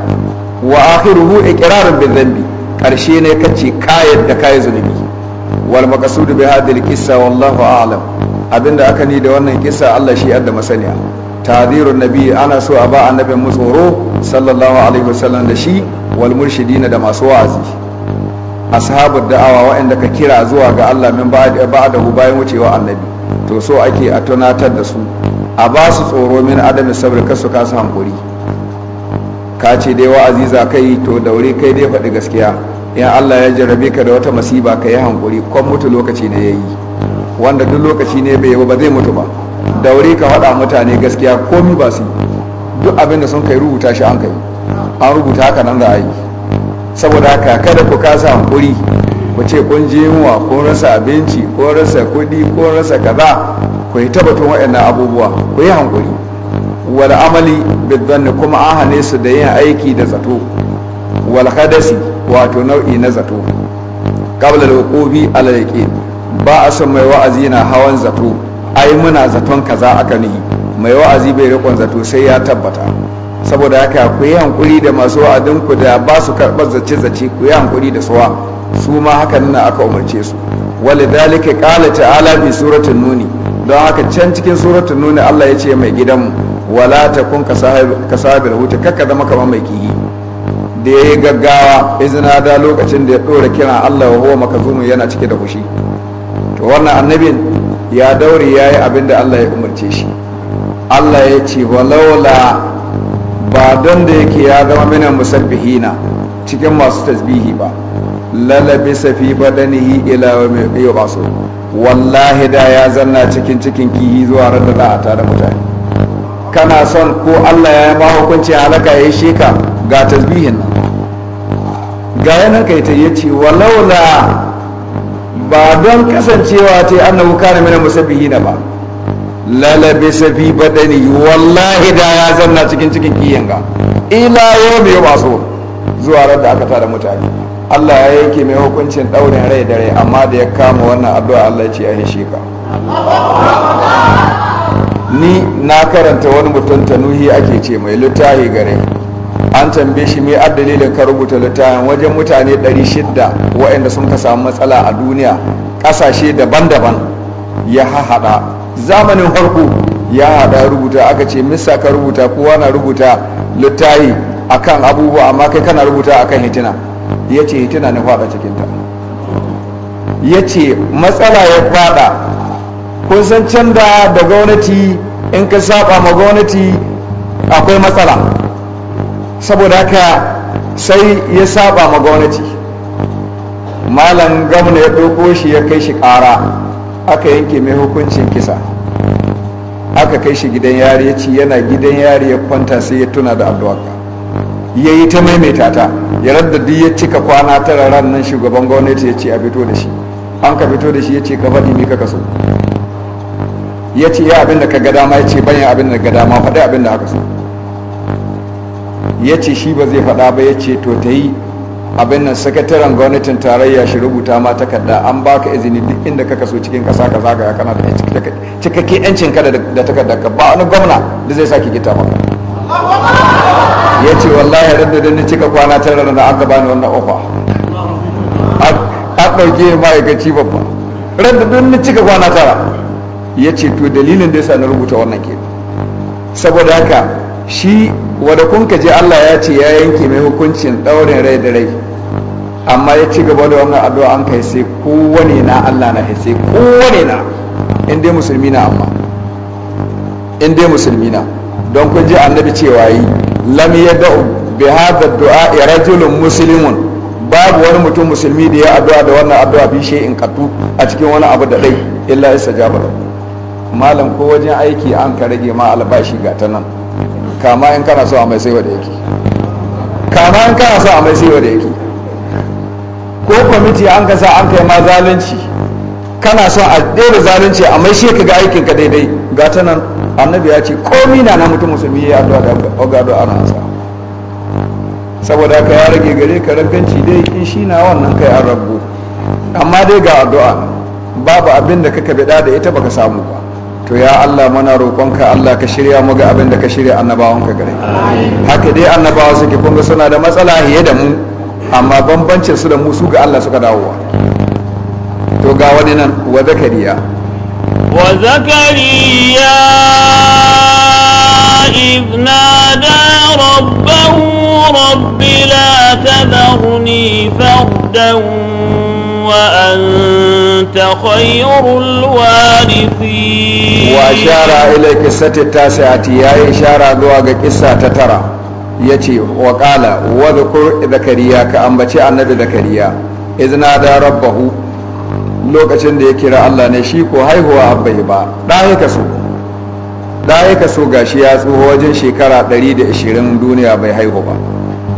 wa akhiruhu iqrarun bi dhanbi karshe ne kace kayar da kayi zunubi wal maqsud bi hadhihi al-qissa wallahu a'lam abinda aka ni da wannan kissa Allah shi adda masaniya tadhirun nabi ana so a ba annabi mu tsoro sallallahu alaihi wasallam da shi wal murshidina da masu wa'azi ashabu da'awa waɗanda ka kira zuwa ga Allah min ba'dahu bayan wucewa annabi to so ake a tunatar da su a ba su tsoro min adamin sabr kasu kasu hankuri ka ce dai wa'azi za kai to daure kai dai faɗi gaskiya in Allah ya jarrabe ka da wata masiba ka yi hankuri kwan mutu lokaci ne ya yi wanda duk lokaci ne bai yi ba zai mutu ba daure ka haɗa mutane gaskiya komi ba su duk abin sun kai rubuta shi an kai an rubuta haka nan za a yi saboda haka kada ku kasa hankuri ku ce kun je muwa kun rasa abinci ko rasa kuɗi ko rasa kaza ku yi tabbatun waɗannan abubuwa ku yi hankuri wal amali bidan kuma an hane su da yin aiki da zato wal hadasi wato nau'i na zato Kabla da wuqubi ala ba a san mai wa'azi na hawan zato ai muna zaton kaza aka nihi mai wa'azi bai rikon zato sai ya tabbata saboda haka ku yi hankuri da masu wa'adin ku da ba su karɓar zace-zace ku yi hankuri da suwa su ma haka nuna aka umarce su wale dalika kala ta'ala bi suratun nuni don haka can cikin suratun nuni Allah ya ce mai gidanmu wala takun kasabil huta kakka zama kamar mai kiyi da ya yi gaggawa izina da lokacin da ya ɗora kiran allah wa huwa makazumin yana cike da fushi to wannan annabin ya daure ya yi abin da allah ya umarce shi allah ya ce walaula ba don da yake ya zama mina musabbihina cikin masu tasbihi ba lalabi safi badanihi ila wa mai su wallahi da ya zanna cikin cikin kihi zuwa rada da a tare mutane kana son ko allah ya ma hukunci halaka ya yi sheka ga tasbihin nan ga yana kai ta wa walaula ba don kasancewa ta annabu kare mina hina ba lalabe safi badani wallahi da ya zanna cikin cikin kiyan ga ila yau mai waso zuwa ran aka tara mutane Allah ya yake mai hukuncin daurin rai da rai amma da ya kama wannan addu'a Allah ya ce ya yi ka ni na karanta wani mutum tanuhi ake ce mai lutahi gare an tambaye shi me ad dalilin ka rubuta littafin wajen mutane 600 waɗanda sun ka samu matsala a duniya kasashe daban-daban ya haɗa zamanin farko ya haɗa rubuta aka ce misa ka rubuta kowa na rubuta littafi akan abubuwa amma kai kana rubuta akan hitina ya ce hitina ne faɗa cikinta ya ce matsala ya faɗa kun san can da da gwamnati in ka saba ma gwamnati akwai matsala saboda haka sai ya saba ma gwamnati malam gwamna ya ɗauko shi ya kai shi ƙara aka yanke mai hukuncin kisa aka kai shi gidan yari ya ci yana gidan yari ya kwanta sai ya tuna da addu'a ya yi ta maimaita ta ya radda duk ya cika kwana tara ran nan shugaban gwamnati ya ce a fito da shi an ka fito da shi ya ce ka faɗi ni ka kaso ya ce ya abin da ka ga dama ya ce bayan abin da ga dama faɗi abin da aka so ya ce shi ba zai faɗa ba ya ce to ta yi abin nan sakataren gwamnatin tarayya shi rubuta ma takarda an ka izini duk inda ka kaso cikin kasa ka ya kana da cikakke yancin ka da takardar ka ba wani gwamna da zai saki gita ba ya ce wallahi radda da ni cika kwana tara da aka bani wannan ofa a ɗauke ma'aikaci babba radda da ni cika kwana tara ya ce to dalilin da ya sa na rubuta wannan ke saboda haka shi wadda kun ka je Allah ya ce ya yanke mai hukuncin ɗaurin rai da rai amma ya ci gaba da wannan addu'a an kai sai kowane na Allah na sai kowane na in dai musulmi na amma in dai musulmi na don kun ji annabi cewa yi lam yad'u bi hadha du'a rajulun muslimun babu wani mutum musulmi da ya addu'a da wannan addu'a bi shi in katu a cikin wani abu da dai illa istajaba malam ko wajen aiki an ka rage ma albashi ga ta nan kama in kana so a mai saiwa da yake kama in kana so a mai saiwa da yake ko kwamiti an ka sa an kai ma zalunci kana son a daina zalunci a mai ka ga aikin ka daidai ga ta nan annabi ya ce komi na na mutum musulmi ya addu'a da ogado ana sa saboda ka ya rage gare ka raganci dai in shi na wannan kai an rabu amma dai ga addu'a babu abin da kaka bida da ita baka samu ba to ya Allah mana roƙonka Allah ka shirya mu ga abin da ka shirya annabawanka gare haka dai annabawa suke kun suna da matsala hiye da mu amma bambancin su da mu su ga Allah suka dawowa to ga wani nan wa zakariya wa zakariya ibna da rabban rabbi la tadhurni fardan وأنت خير الوارثين وأشار إلى قصة التاسعة يا إشارة لواقع قصة تترى يتي وقال وذكر ذكريا كأنبتي النبي ذكريا إذ نادى ربه lokacin da ya kira Allah ne shi ko haihuwa abbai ba da ya kaso da ya kaso gashi ya tsoho wajen shekara 120 duniya bai haihu ba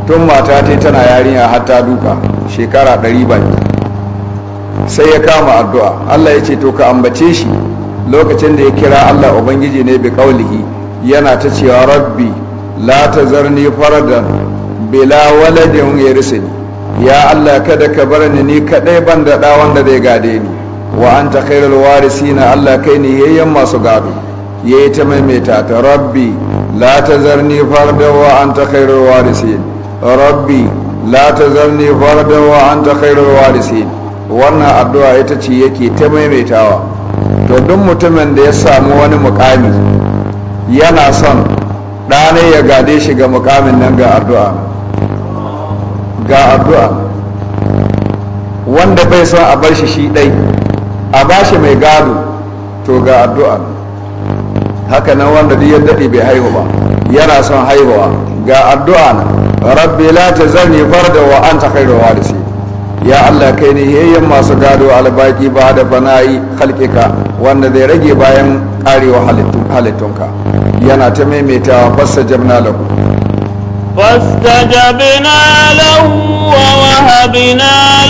tun mata tana yarinya har duka shekara 100 ba sai ya kama addu'a Allah ya ce to ka ambace shi lokacin da ya kira Allah ubangiji ne bi kaulihi yana ta cewa rabbi la tazarni faradan bila waladin yarisani ya Allah kada ka bar ni ni kadai ban da da wanda zai gade ni wa anta khairul warisina Allah kai ne yayyan masu gado yayi ta maimaita ta rabbi la tazarni fardan wa anta khairul warisin rabbi la tazarni fardan wa anta khairul warisin wannan addu'a ita ce yake ta maimaitawa to duk mutumin da ya samu wani mukami yana son ɗane ya gade shi ga mukamin nan ga addu'a ga addu'a wanda bai son a bar shi shi ɗai a ba shi mai gado to ga addu'a haka nan wanda duk ya daɗe bai haihu ba yana son haihuwa ga addu'a rabbi la ta zani farda wa an ta khairu warisi ya Allah kai ne yayyan masu gado albaki ba da fana'i halkika wanda zai rage bayan karewa halittunka yana ta maimaitawa fassa jamna lahu فاستجبنا له lahu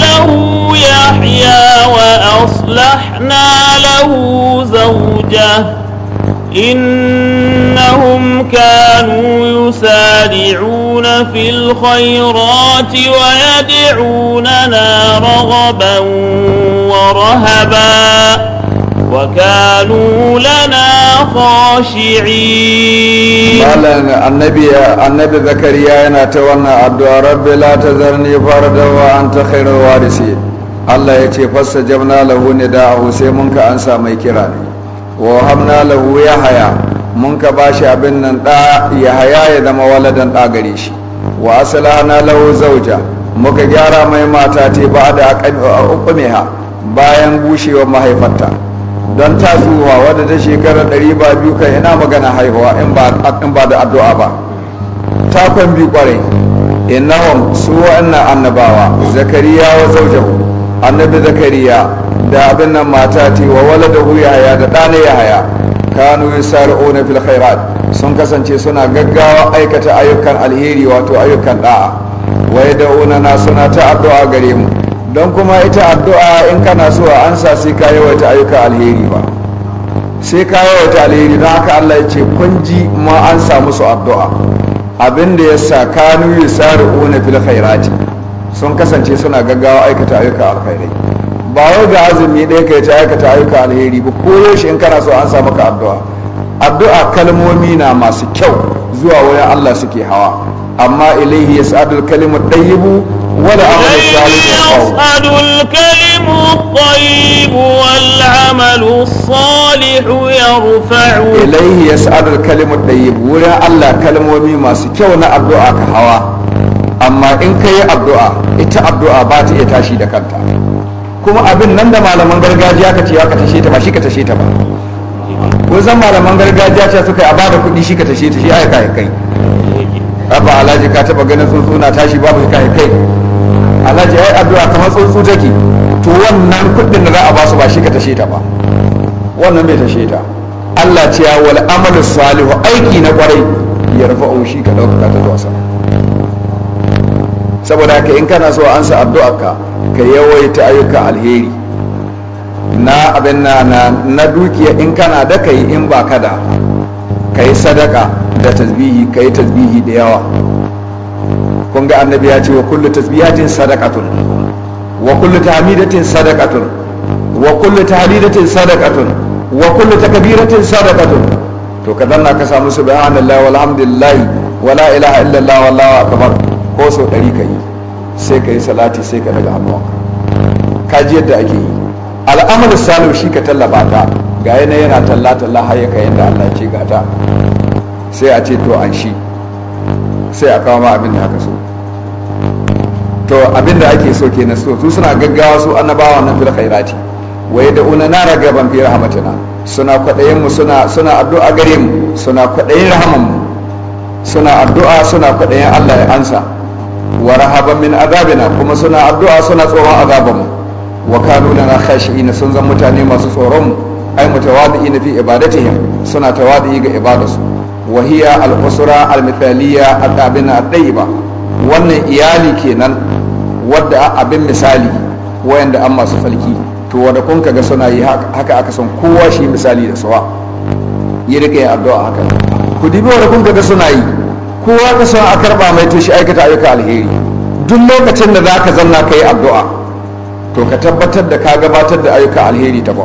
له يحيى وأصلحنا له زوجه إن أنهم كانوا يسارعون في الخيرات ويدعوننا رغبا ورهبا وكانوا لنا خاشعين مالن النبي النبي زكريا yana ta wannan addu'a rabbi la tazarni farda wa anta khairul warisi Allah ya ce fastajabna lahu nida'ahu sai mun ka ansa mai kira ne hamna lahu yahaya mun ka ba shi abin nan ɗa ya haya ya zama waladan ɗa gare shi wa asala na lahu zauja muka gyara mai mata te ba da ukumiha bayan bushewar mahaifarta don ta tsuwa wadda ta shekara ɗari ba biyu kan ina magana haihuwa in ba da addu'a ba ta kwan biyu kwarai innahum su wa'annan annabawa zakariya wa zaujahu annabi zakariya da abin nan mata te wa waladahu ya haya da ɗana ya haya kanu yusari'una fil khairat sun kasance suna gaggawa aikata ayyukan alheri wato ayyukan da'a wai da'una na suna ta addu'a gare mu don kuma ita addu'a in kana so a ansa sai ka yawaita ayyukan alheri ba sai ka yawaita alheri don haka Allah ya ce kun ji ma an samu su addu'a abin da ya sa kanu yusari'una fil khairat sun kasance suna gaggawa aikata ayyukan alheri ba wai ga azumi ɗaya ka yi ta aikata ayyuka alheri ba ko yaushe in kana so an sa maka addu'a addu'a kalmomi na masu kyau zuwa wajen Allah suke hawa amma ilaihi yas'adul kalimu tayyibu wal amalu salihu yas'adul kalimu tayyibu wal amalu salihu yarfa'u ilaihi yas'adul kalimu tayyibu wurin Allah kalmomi masu kyau na addu'a ka hawa amma in yi addu'a ita addu'a ba ta iya tashi da kanta kuma abin nan da malaman gargajiya ka ce ka tashe ta ba shi ka tashe ta ba ko zan malaman gargajiya ce suka yi a bada kuɗi shi ka tashe ta shi ya kai kai Haba alhaji ka taba ganin tsuntsu na tashi babu kai kai alhaji ai addu'a kamar tsuntsu take to wannan kuɗin da za a ba su ba shi ka tashe ta ba wannan bai tashe ta Allah ce ya wal amalu salihu aiki na kwarai ya rafa'u shi ka dauka ta zuwa sama saboda haka in kana so an sa addu'arka ka yawaita ayyuka alheri na abin na na dukiya in kana da kai in ba kada ka yi sadaka da tasbihi ka yi tasbihi da yawa kun ga annabi ya ce wa kullu tasbihatin sadaqatun wa kullu tahmidatin sadaqatun wa kullu tahlilatin sadaqatun wa kullu takbiratin sadaqatun to ka danna ka samu subhanallahi walhamdulillahi wala ilaha illallah wallahu akbar ko so dari ka yi sai ka yi salati sai ka daga hannuwanka ka ji yadda ake yi al'amarin salo shi ka tallaba ta ga yana yana talla talla har ya kayan da Allah ce gata sai a ce to an shi sai a kawo ma abin da aka so to abin da ake so kenan so su suna gaggawa su annabawa nan fil khairati waye da una na ragaban fi rahmatina suna kwadayin mu suna suna addu'a gare mu suna kwadayin rahaman mu suna addu'a suna kwadayin Allah ya ansa wa rahaban min azabina kuma suna addu'a suna tsoron azabanmu wa kanu lana khashi'ina sun zan mutane masu tsoron mu ay mutawadi'ina fi ibadatihim suna tawadi'i ga ibadarsu wa hiya al-usra al-mithaliya al-abina tayyiba wannan iyali kenan wadda abin misali wayanda an masu falki to wanda kun kaga suna yi haka aka san kowa shi misali da sawa yi rike addu'a haka ku dibi wanda kun kaga suna yi kowa ka san a karba mai to shi aikata ayyuka alheri duk lokacin da za ka zanna ka yi addu'a to ka tabbatar da ka gabatar da ayyuka alheri ta ba.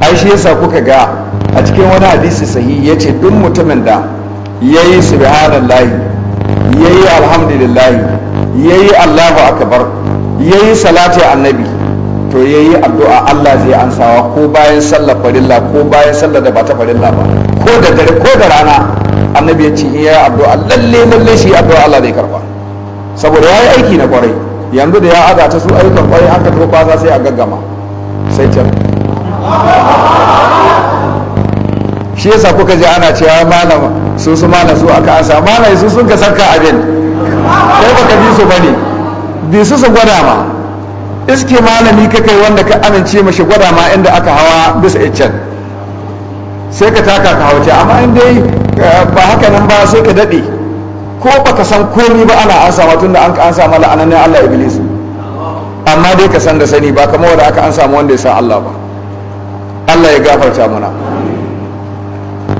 ai shi yasa kuka ga a cikin wani hadisi sahihi yace duk mutumin da yayi yi subhanallahi yayi yi alhamdulillahi ya yi allahu akbar yayi yi salati annabi to yayi addu'a allah zai ansawa ko bayan sallar farilla ko bayan sallar da ba ta farilla ba ko da dare ko da rana annabi ya ce in ya addu'a lalle lalle shi addu'a Allah zai karba saboda ya yi aiki na kwarai yanzu da ya aza ta su ayyukan kwarai an ka kwasa sai a gaggama sai can shi yasa kuka ji ana cewa malam su su malam su aka ansa malam su sun ka sarka abin kai baka ji su bane bi su su gwada ma iske malami ka kai wanda ka amince mashi gwada ma inda aka hawa bisa iccen sai ka taka ka hauce amma in dai ba haka nan ba sai ka daɗe ko ka san komi ba ana an samu tunda an ka an samu la'ananin Allah iblis amma dai ka san da sani ba kamar wanda aka an samu wanda ya san Allah ba Allah ya gafarta muna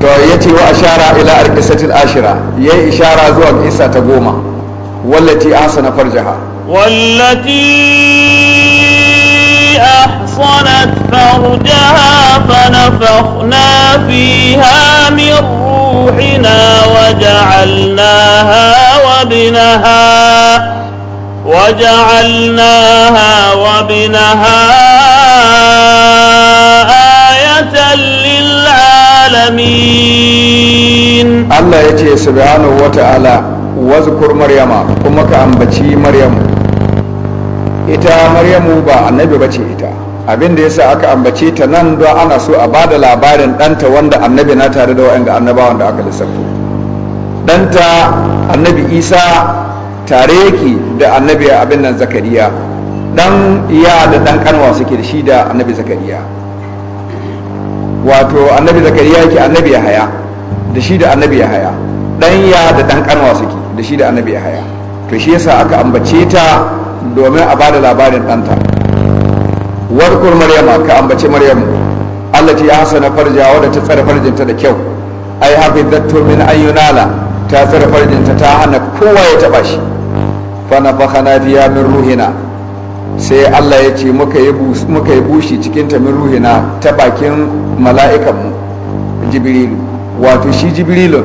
to ya ce wa ashara ila arqisatil ashira ya yi ishara zuwa ga isa ta goma wallati ahsana farjaha wallati ahsanat farjaha fa nafakhna fiha min روحنا وجعلناها وابنها وجعلناها وابنها آية للعالمين الله يجي سبحانه وتعالى واذكر مريم كما كان بشي مريم ita مريم ba annabi بشي abin da yasa aka ambace ta nan don ana so a bada labarin ɗanta wanda annabi na tare da wa'anga annabawan da aka lissafo ɗanta annabi isa tare yake da annabi a abin nan zakariya ɗan iya da ɗan kanwa suke da shi da annabi zakariya wato annabi zakariya yake annabi ya haya da shi da annabi ya haya ɗan iya da ɗan kanwa suke da shi da annabi ya haya to shi yasa aka ambace ta domin a bada labarin ɗanta warkur maryama ka ambaci maryamu allati ahsana farjaha wadda ta tsare farjinta da kyau ai hafizattu min ayyunala ta tsare farjinta ta hana kowa ya taba shi fa nafakhana fiha min ruhina sai Allah ya ce muka yi bushi cikin ta min ruhina ta bakin mala'ikan mu jibrilu wato shi jibrilun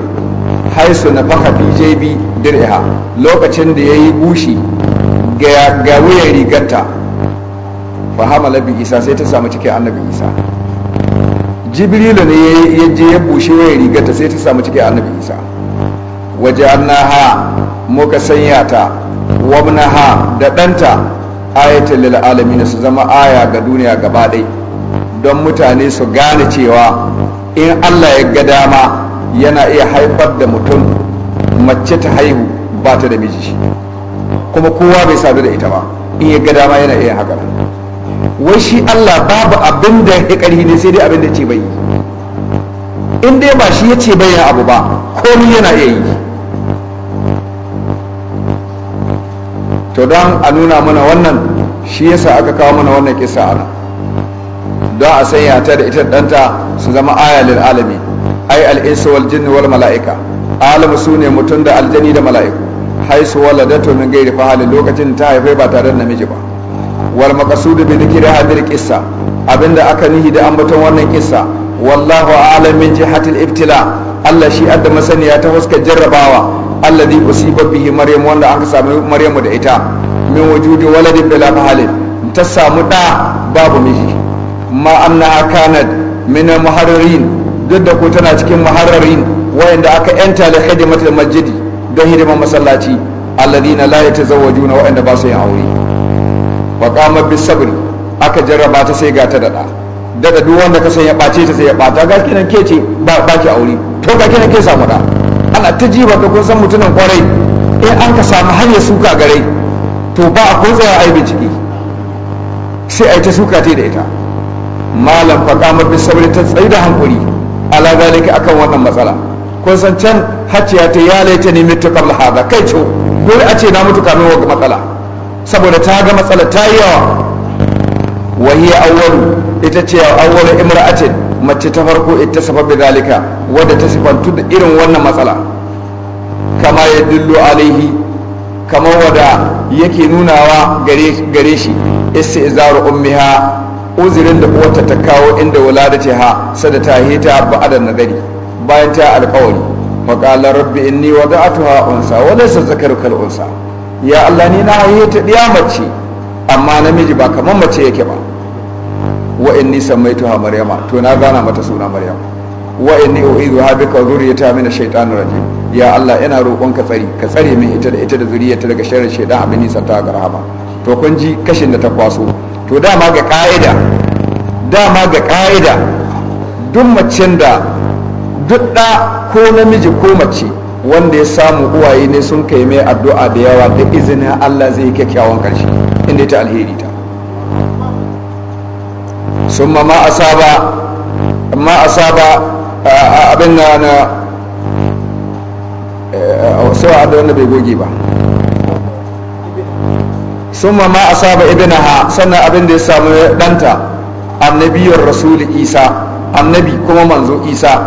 haisu na baka fi jb dirha lokacin da ya yi bushi ga wuyan rigarta fahamala bi isa sai ta samu cikin annabi isa jibrilu ne ya je ya bushe waya rigarta sai ta samu cikin annabi isa waje annaha muka sanya ta wamnaha da ɗanta ayatul lil alamin su zama aya ga duniya gaba ɗaya don mutane su gane cewa in Allah ya ga dama yana iya haifar da mutum mace ta haihu ba ta da miji kuma kowa bai sadu da ita ba in ya ga dama yana iya haka wai shi Allah babu abin da ya ƙarhi ne sai dai abin da ce bai in dai ba shi ya ce bai abu ba komi yana iya yi to don a nuna mana wannan shi yasa aka kawo mana wannan kisa ana don a sanya ta da ita danta su zama ayalin alami ai al'insu wal jinni wal mala'ika alamu su ne mutum da aljani da mala'iku haisu wala min gairi fahalin lokacin ta haifai ba tare da namiji ba wal maqsudu bi dhikri hadhihi qissa abinda aka nihi da ambaton wannan kissa wallahu a'lam min jihati al-ibtila Allah shi adda masaniya ta huskar jarrabawa alladhi usiba bihi maryam wanda an samu maryamu da ita min wujudi waladin bila mahalin ta samu da babu miji ma annaha kanat min duk da ko tana cikin muharrarin wayanda aka yanta da khidmatul masjidi don hidimar masallaci alladhina la yatazawwajuna wayanda ba su yin aure wa kama bisabri aka jarraba ta sai ga ta dada dada duk wanda ka san ya bace ta sai ya bata ga kinan ke ce ba ki aure to ga kinan ke samu da ana ta jiba ka kun san mutunan kwarai "Eh an ka samu hanyar suka gare to ba a kun tsaya ai bincike sai ai ta suka ta da ita malam fa kama bisabri ta tsayi da hankuri ala zalika akan wannan matsala kun san can hacciya ta yalaita ne mutu kabla hada kai ce dole a ce na mutu kamin wa matsala saboda ta ga matsala ta yi yawa wahi awwalu ita ce awwalu imra'atin mace ta farko ita safa bi zalika wadda ta sifantu da irin wannan matsala kama ya dillu alaihi kamar wadda yake nunawa gare shi istizaru ummiha uzirin da uwarta ta kawo inda ce ha sada ta hita ba'ada nadari bayan ta alƙawari faqala rabbi inni wada'atuha unsa wa laysa zakaru kal unsa ya Allah ni na hayyata ta ɗiya mace amma namiji ba kamar mace yake ba wa inni maryama to na gana mata suna maryam wa inni uhiduha bika zurriyata min ash-shaytanir rajim ya Allah ina roƙon ka tsari ka tsare min ita da ita da daga sharrin shaytan abin nisa ta ba to kun ji kashin da ta kwaso to dama ga ka'ida dama ga ka'ida duk macen da duk da ko namiji ko mace wanda ya samu uwaye ne sun kai mai addu'a da yawa da izinin Allah zai yi kyakkyawan karshe inda ta alheri ta sun ma ma asaba abin na na eh, da bai goge ba sun ma ma asaba ha sannan abin da ya samu danta annabiyar rasulun isa annabi kuma manzo isa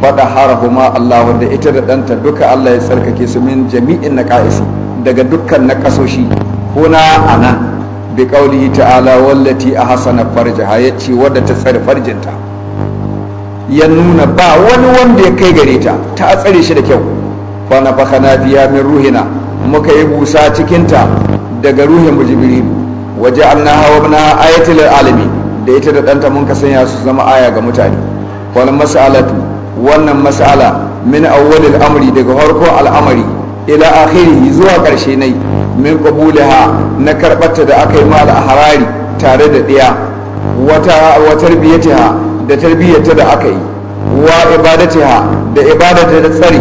faɗa harahuma Allah wanda ita da ɗanta duka Allah ya tsarkake su min jami'in na ƙa'isi daga dukkan na ƙasoshi kuna a nan bi ƙaulihi ta'ala wallati a hasana farjaha ya ce wadda ta tsare farjinta ya nuna ba wani wanda ya kai gare ta ta tsare shi da kyau baka na biya min ruhina muka yi busa cikinta daga ruhin bujibiri waje an na hawa na ayatul alami da ita da ɗanta mun ka sanya su zama aya ga mutane wal mas'alatu wannan mas'ala min awwalil amri daga farko al'amari ila akhiri zuwa karshe nai min qabulaha na karbata da aka yi ma da harari tare da ɗaya wata wa tarbiyatiha da tarbiyata da aka yi wa ibadatiha da ibadata da tsari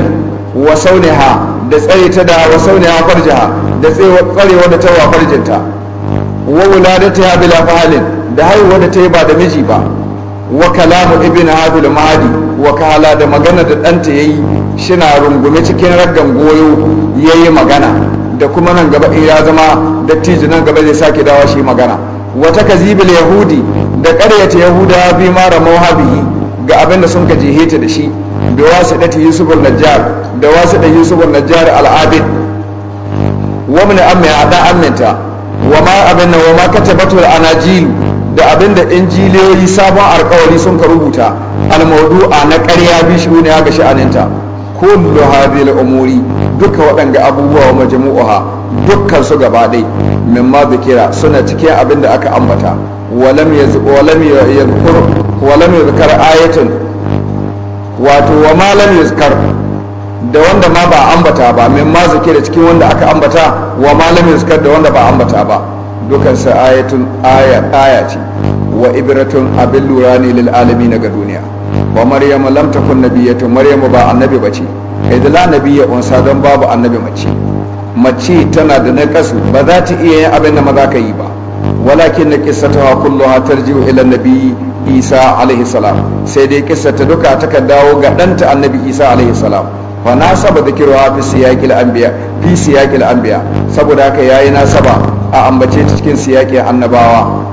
wa sauniha da tsare ta da wa sauniha farjaha da tsarewa da tawa farjinta wa wuladatiha bila fahalin da haihuwa da ta yi ba da miji ba wa kalamu ibn abul mahdi wa kala da magana da ɗanta yayi shina rungume cikin raggan goyo yayi magana da kuma nan gaba in ya zama dattijo nan gaba zai sake dawa shi magana wata takazibul yahudi da ƙaryata yahuda bi mara mawhabi ga abinda sun kaje hita da shi da wasu da yusuf najjar da wasu da yusuf najjar abid wa min amma ya da amminta wa ma abin wa ma katabatul anajil da abin da injiliyoyi sabon alkawari sun ka rubuta almaudu'a na ƙarya bishiyu ne ga sha'aninta kullu hadhihi umuri duka waɗanga abubuwa majmu'uha dukkan su gaba ɗai mimma bikira suna cikin abin da aka ambata walam walam yadhkur walam yadhkar ayatun wato wa ma lam yadhkar da wanda ma ba ambata ba mimma zikira cikin wanda aka ambata wa ma lam yadhkar da wanda ba ambata ba dukan sa ayatun aya aya ce wa ibratun abin lura ne lil'alami na ga duniya wa maryam lam takun tun maryam ba annabi bace idla nabiyya unsa don babu annabi mace mace tana da naqasu ba za ta iya yin abin da maza ka yi ba walakin na qissataha kulluha tarji'u ila nabi isa alaihi sai dai ta duka ta dawo ga ɗanta annabi isa alaihi salam fa nasaba dhikruha fi siyaqil anbiya fi siyaqil anbiya saboda haka yayi nasaba a ambace ta cikin siyaqin annabawa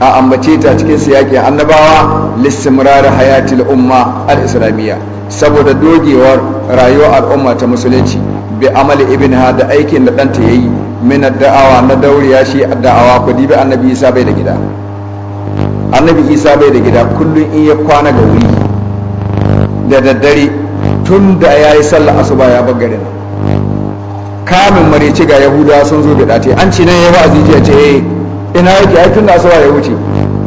a ambace ta cikin yaƙin annabawa lissimrar hayatil umma al-islamiyya saboda dogewar rayuwar al'umma ta musulunci bi amali ibn ha da aikin da ɗanta ya yi min da'awa na dauriya shi da'awa ku dibi annabi isa bai da gida annabi isa bai da gida kullum in ya kwana ga wuri da daddare tun da ya yi sallah asuba ya bar garin kamin marici ga yahudawa sun zo da dace an ci nan ya wa'azi ce eh ina yake ai tun asuba ya wuce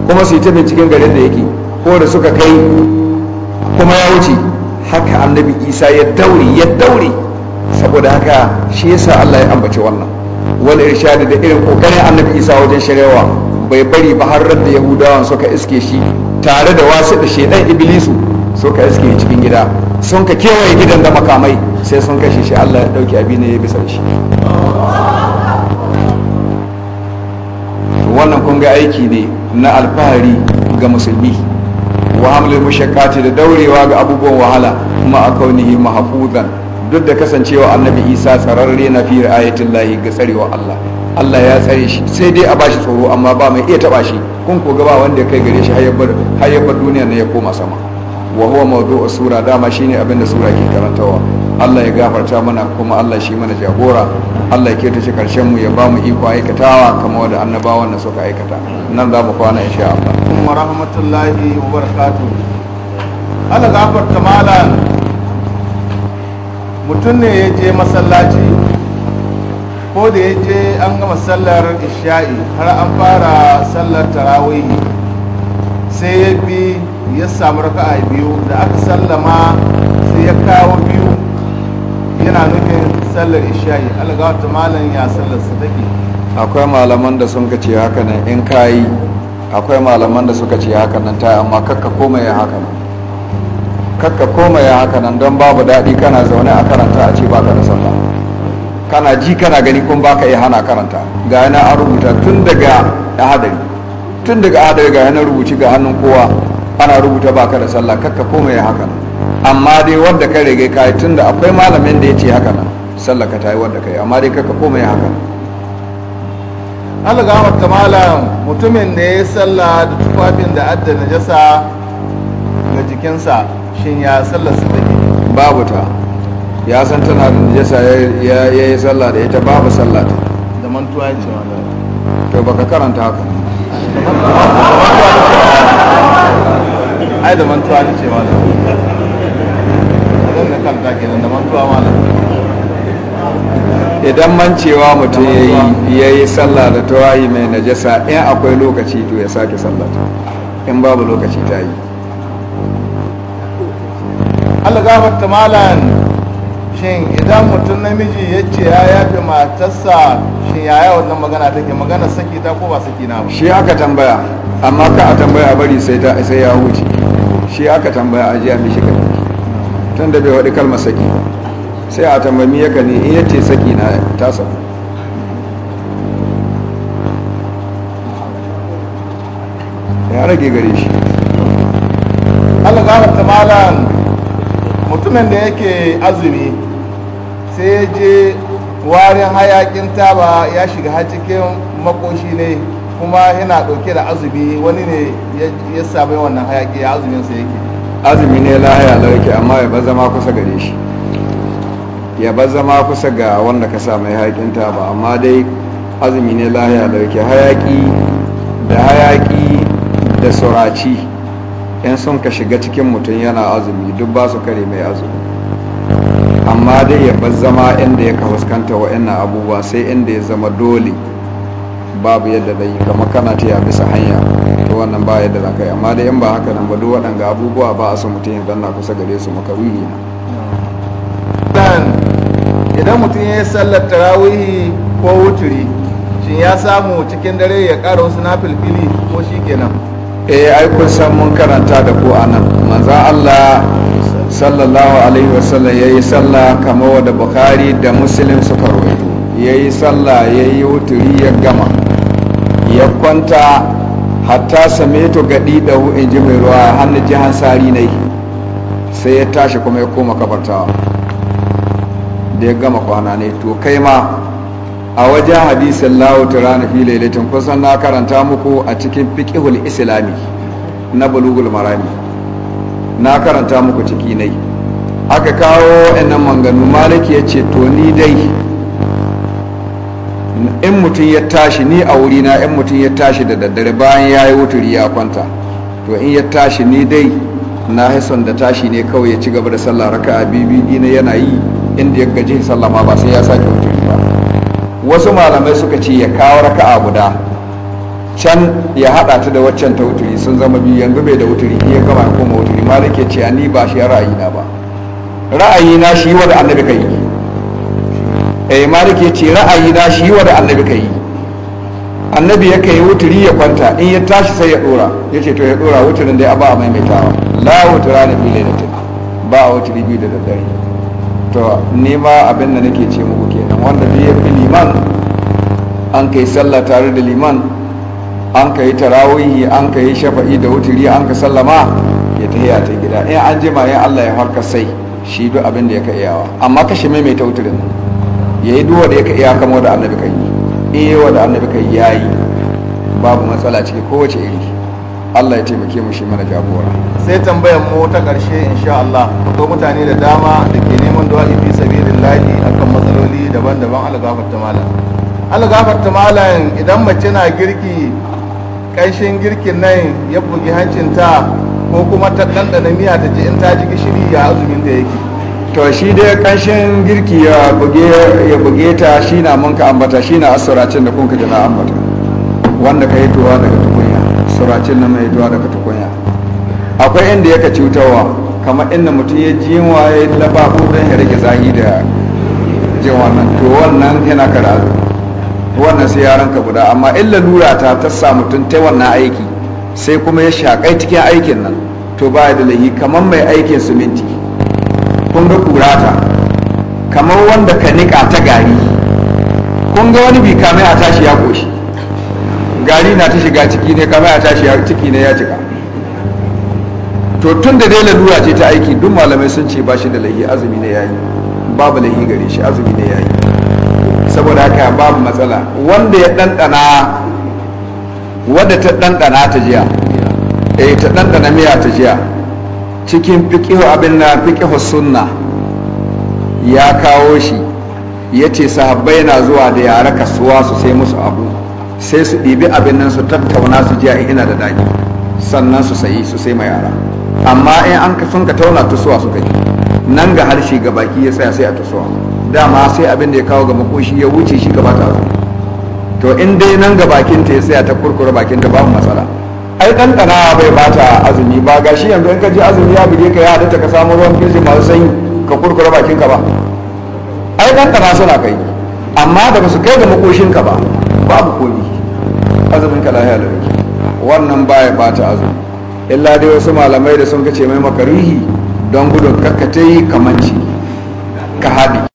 kuma su yi ta cikin garin da yake ko da suka kai kuma ya wuce haka annabi isa ya daure ya daure saboda haka shi yasa allah ya ambaci wannan wani irshadi da irin kokarin annabi isa wajen shirewa bai bari ba har da yahudawan suka iske shi tare da wasu da shaidan iblisu suka iske cikin gida sun ka kewaye gidan da makamai sai sun kashe shi allah ya dauki abin ya bisa da shi wannan kun ga aiki ne na alfahari ga musulmi wa hamlul mushaqqati da daurewa ga abubuwan wahala kuma a kaunihi mahfuzan duk da kasancewa annabi Isa tsararre na fi ayatin lahi ga tsarewa Allah Allah ya tsare shi sai dai a bashi tsoro amma ba mai iya taba shi kun ko ga ba wanda ya kai gare shi hayyabar duniya na ya koma sama wa huwa a sura dama shine abin da sura ke karantawa Allah ya gafarta mana kuma Allah shi mana jagora Allah ya keta shi karshen mu ya ba mu iko aikatawa kamar wanda annabawan na suka aikata nan za mu kwana insha Allah kuma rahmatullahi wa barakatuh Allah gafarta malam mutum ne ya je masallaci ko da ya je an gama sallar isha'i har an fara sallar tarawih sai ya bi ya samu raka'a biyu da aka sallama sai ya kawo biyu yana nufin sallar isha'i algawata malam ya sallar su take akwai malaman da sun ce haka nan in ka yi akwai malaman da suka ce haka nan ta amma kakka koma ya haka nan kakka koma ya haka nan don babu daɗi kana zaune a karanta a ce baka da sallah kana ji kana gani kun baka iya hana karanta ga yana an rubuta tun daga hadari tun daga hadari ga yana rubuci ga hannun kowa ana rubuta baka da sallah kakka koma ya haka nan amma dai wanda ka rage ka yi tunda akwai malamin da ya ce haka nan sallaka ka tayi wanda ka yi amma dai kaka koma ya haka Allah ga wata malam mutumin da ya sallah da tufafin da adda jasa ga jikinsa shin ya sallar su take babu ta ya san tana da jasa ya yi sallah da ita babu sallah ta da mantuwa ya ce to baka karanta haka ai da mantuwa ne ce malam karanta kenan da mantuwa malam idan mancewa mutum ya yi sallah da tawayi mai najasa in akwai lokaci to ya sake sallah in babu lokaci ta yi algafar malam shin idan mutum namiji ya ce ya yafi matarsa shin yaya wannan magana take magana saki ta ko ba saki na ba shi aka tambaya amma ka a tambaya bari sai ta sai ya huce shi aka tambaya a jiya mishi kai tun da bai waɗi kalmar saki sai a tambami ya ne in yace saki na ta ya rage gare shi allah ta mutumin da yake azumi sai ya je warin hayakin taba ya shiga har cikin makoshi ne kuma yana dauke da azumi wani ne ya sami wannan hayaki ya azumin sa yake azumi ne lahaya lauke amma ya zama kusa gare shi ya zama kusa ga wanda ka sa mai haƙin ba amma dai azumi ne lahaya lauke hayaƙi da hayaƙi da suraci yan sun ka shiga cikin mutum yana azumi duk ba su kare mai azumi amma dai ya zama inda ya ka fuskanta wa'annan abubuwa sai inda ya zama dole babu yadda da yi kama kana ta bisa hanya to wannan ba yadda za ka yi amma da yan ba haka nan ba duk waɗanga abubuwa ba a so mutum ya na kusa gare su makaruni na idan mutum ya yi sallar tarawihi ko wuturi shin ya samu cikin dare ya ƙara wasu na filfili ko shi kenan eh ai kun san mun karanta da ku anan manzan Allah sallallahu alaihi wasallam yayi sallah kamar wadda Bukhari da Muslim suka rawaito yayi sallah yayi wuturi ya gama ya kwanta hatta same to gadi ɗau in ji mai ruwa hannu jihan tsari na sai ya tashi kuma ya koma kafartawa da ya gama kwana ne to kai ma a wajen hadisin lawo turani fi lailatin kusan na karanta muku a cikin fiƙihul islami na bulugul marami na karanta muku ciki nai aka kawo wa'annan manganu maliki ya ce to ni dai in mutum ya tashi ni a wuri na in mutum ya tashi da daddare bayan ya yi wuturi ya kwanta to in ya tashi ni dai na hison da tashi ne kawai ya ci gaba da sallah raka a bibi na yana yi inda ya gaji sallah ma ba sai ya sake wuturi ba wasu malamai suka ce ya kawo raka a guda can ya haɗa ta da waccan ta wuturi sun zama biyu yanzu bai da wuturi ya gama ya koma wuturi ma ke ce ni ba shi ra'ayi na ba Ra'ayi na shi wanda annabi kai eh malik ya ce ra'ayi na shi wa da annabi ka yi annabi ya kai wuturi ya kwanta in ya tashi sai ya dora ya ce to ya dora wuturin da ya ba a maimaitawa la wutura na biyu da ba a wuturi biyu da daddare to nema abin da nake ce muku kenan wanda biya fi liman an kai sallah tare da liman an ka yi tarawihi an ka yi shafa'i da wuturi an ka sallama ya tahiya ta gida in an jima in allah ya farka sai shi duk abin da ya ka iyawa amma kashe maimaita wuturin nan ya yi duwa da ya iya kama wadda annabi kai iya eh, wa annabi kai ya yi babu matsala ciki kowace iri Allah ya taimake mu shi mana jagora sai tambayar mu ta karshe insha Allah ko mutane da dama da ke neman du'a fi a akan matsaloli daban-daban algafar ta malam algafar ta malam idan mace na girki kanshin girkin nan ya bugi hancinta ko kuma ta ɗanɗana miya ta ji in ta ji gishiri ya azumin da yake to shi dai kanshin girki ya buge ta shi na munka ambata shi na asuracin da kunka jana ambata wanda ka yi tuwa daga tukunya suracin na mai tuwa daga tukunya akwai inda yaka cutarwa kamar inda mutum ya ji yin waye laba don ya rage zahi da jin wannan to wannan yana karatu wannan sai yaran ka guda amma illa lura ta ta sa mutum ta wannan aiki sai kuma ya shakai cikin aikin nan to ba da lahi kamar mai aikin siminti kun ga ta kamar wanda ka nika ta gari kun ga wani bi kamar a tashi ya koshi gari na ta shiga ciki ne kamar a tashi ya ciki ne ya cika to tun da dai lalura ce ta aiki duk malamai sun ce ba shi da lahi azumi ne yayi babu lahi gare shi azumi ne yayi saboda haka babu matsala wanda ya ɗanɗana wadda ta ɗanɗana ta jiya eh ta ɗanɗana miya ta jiya cikin fiƙihu abin na fiƙihu sunna ya kawo shi ya ce sahabbai na zuwa da yara kasuwa su sai musu abu sai su ɗibi abin nan su tattauna su ji a ina da daji sannan su sayi su sai ma yara amma in an ka sun ka tauna tusuwa suka yi nan ga harshe ga baki ya tsaya sai a tusuwa dama sai abin da ya kawo ga makoshi ya wuce shi gaba ta to in dai nan ga bakinta ya tsaya ta kurkura bakinta babu matsala ai ɗanɗana bai bata azumi ba ga shi yanzu in ka je azumi ya buge ka ya halatta ka samu ruwan firji masu sanyi ka kurkura bakin ka ba ai ɗanɗana suna kai amma da ba su kai ga makoshin ka ba babu komi azumin ka lahiya da rike wannan baya bata azumi illa dai wasu malamai da sun kace mai makarihi don gudun kakkatai kamanci ka hadi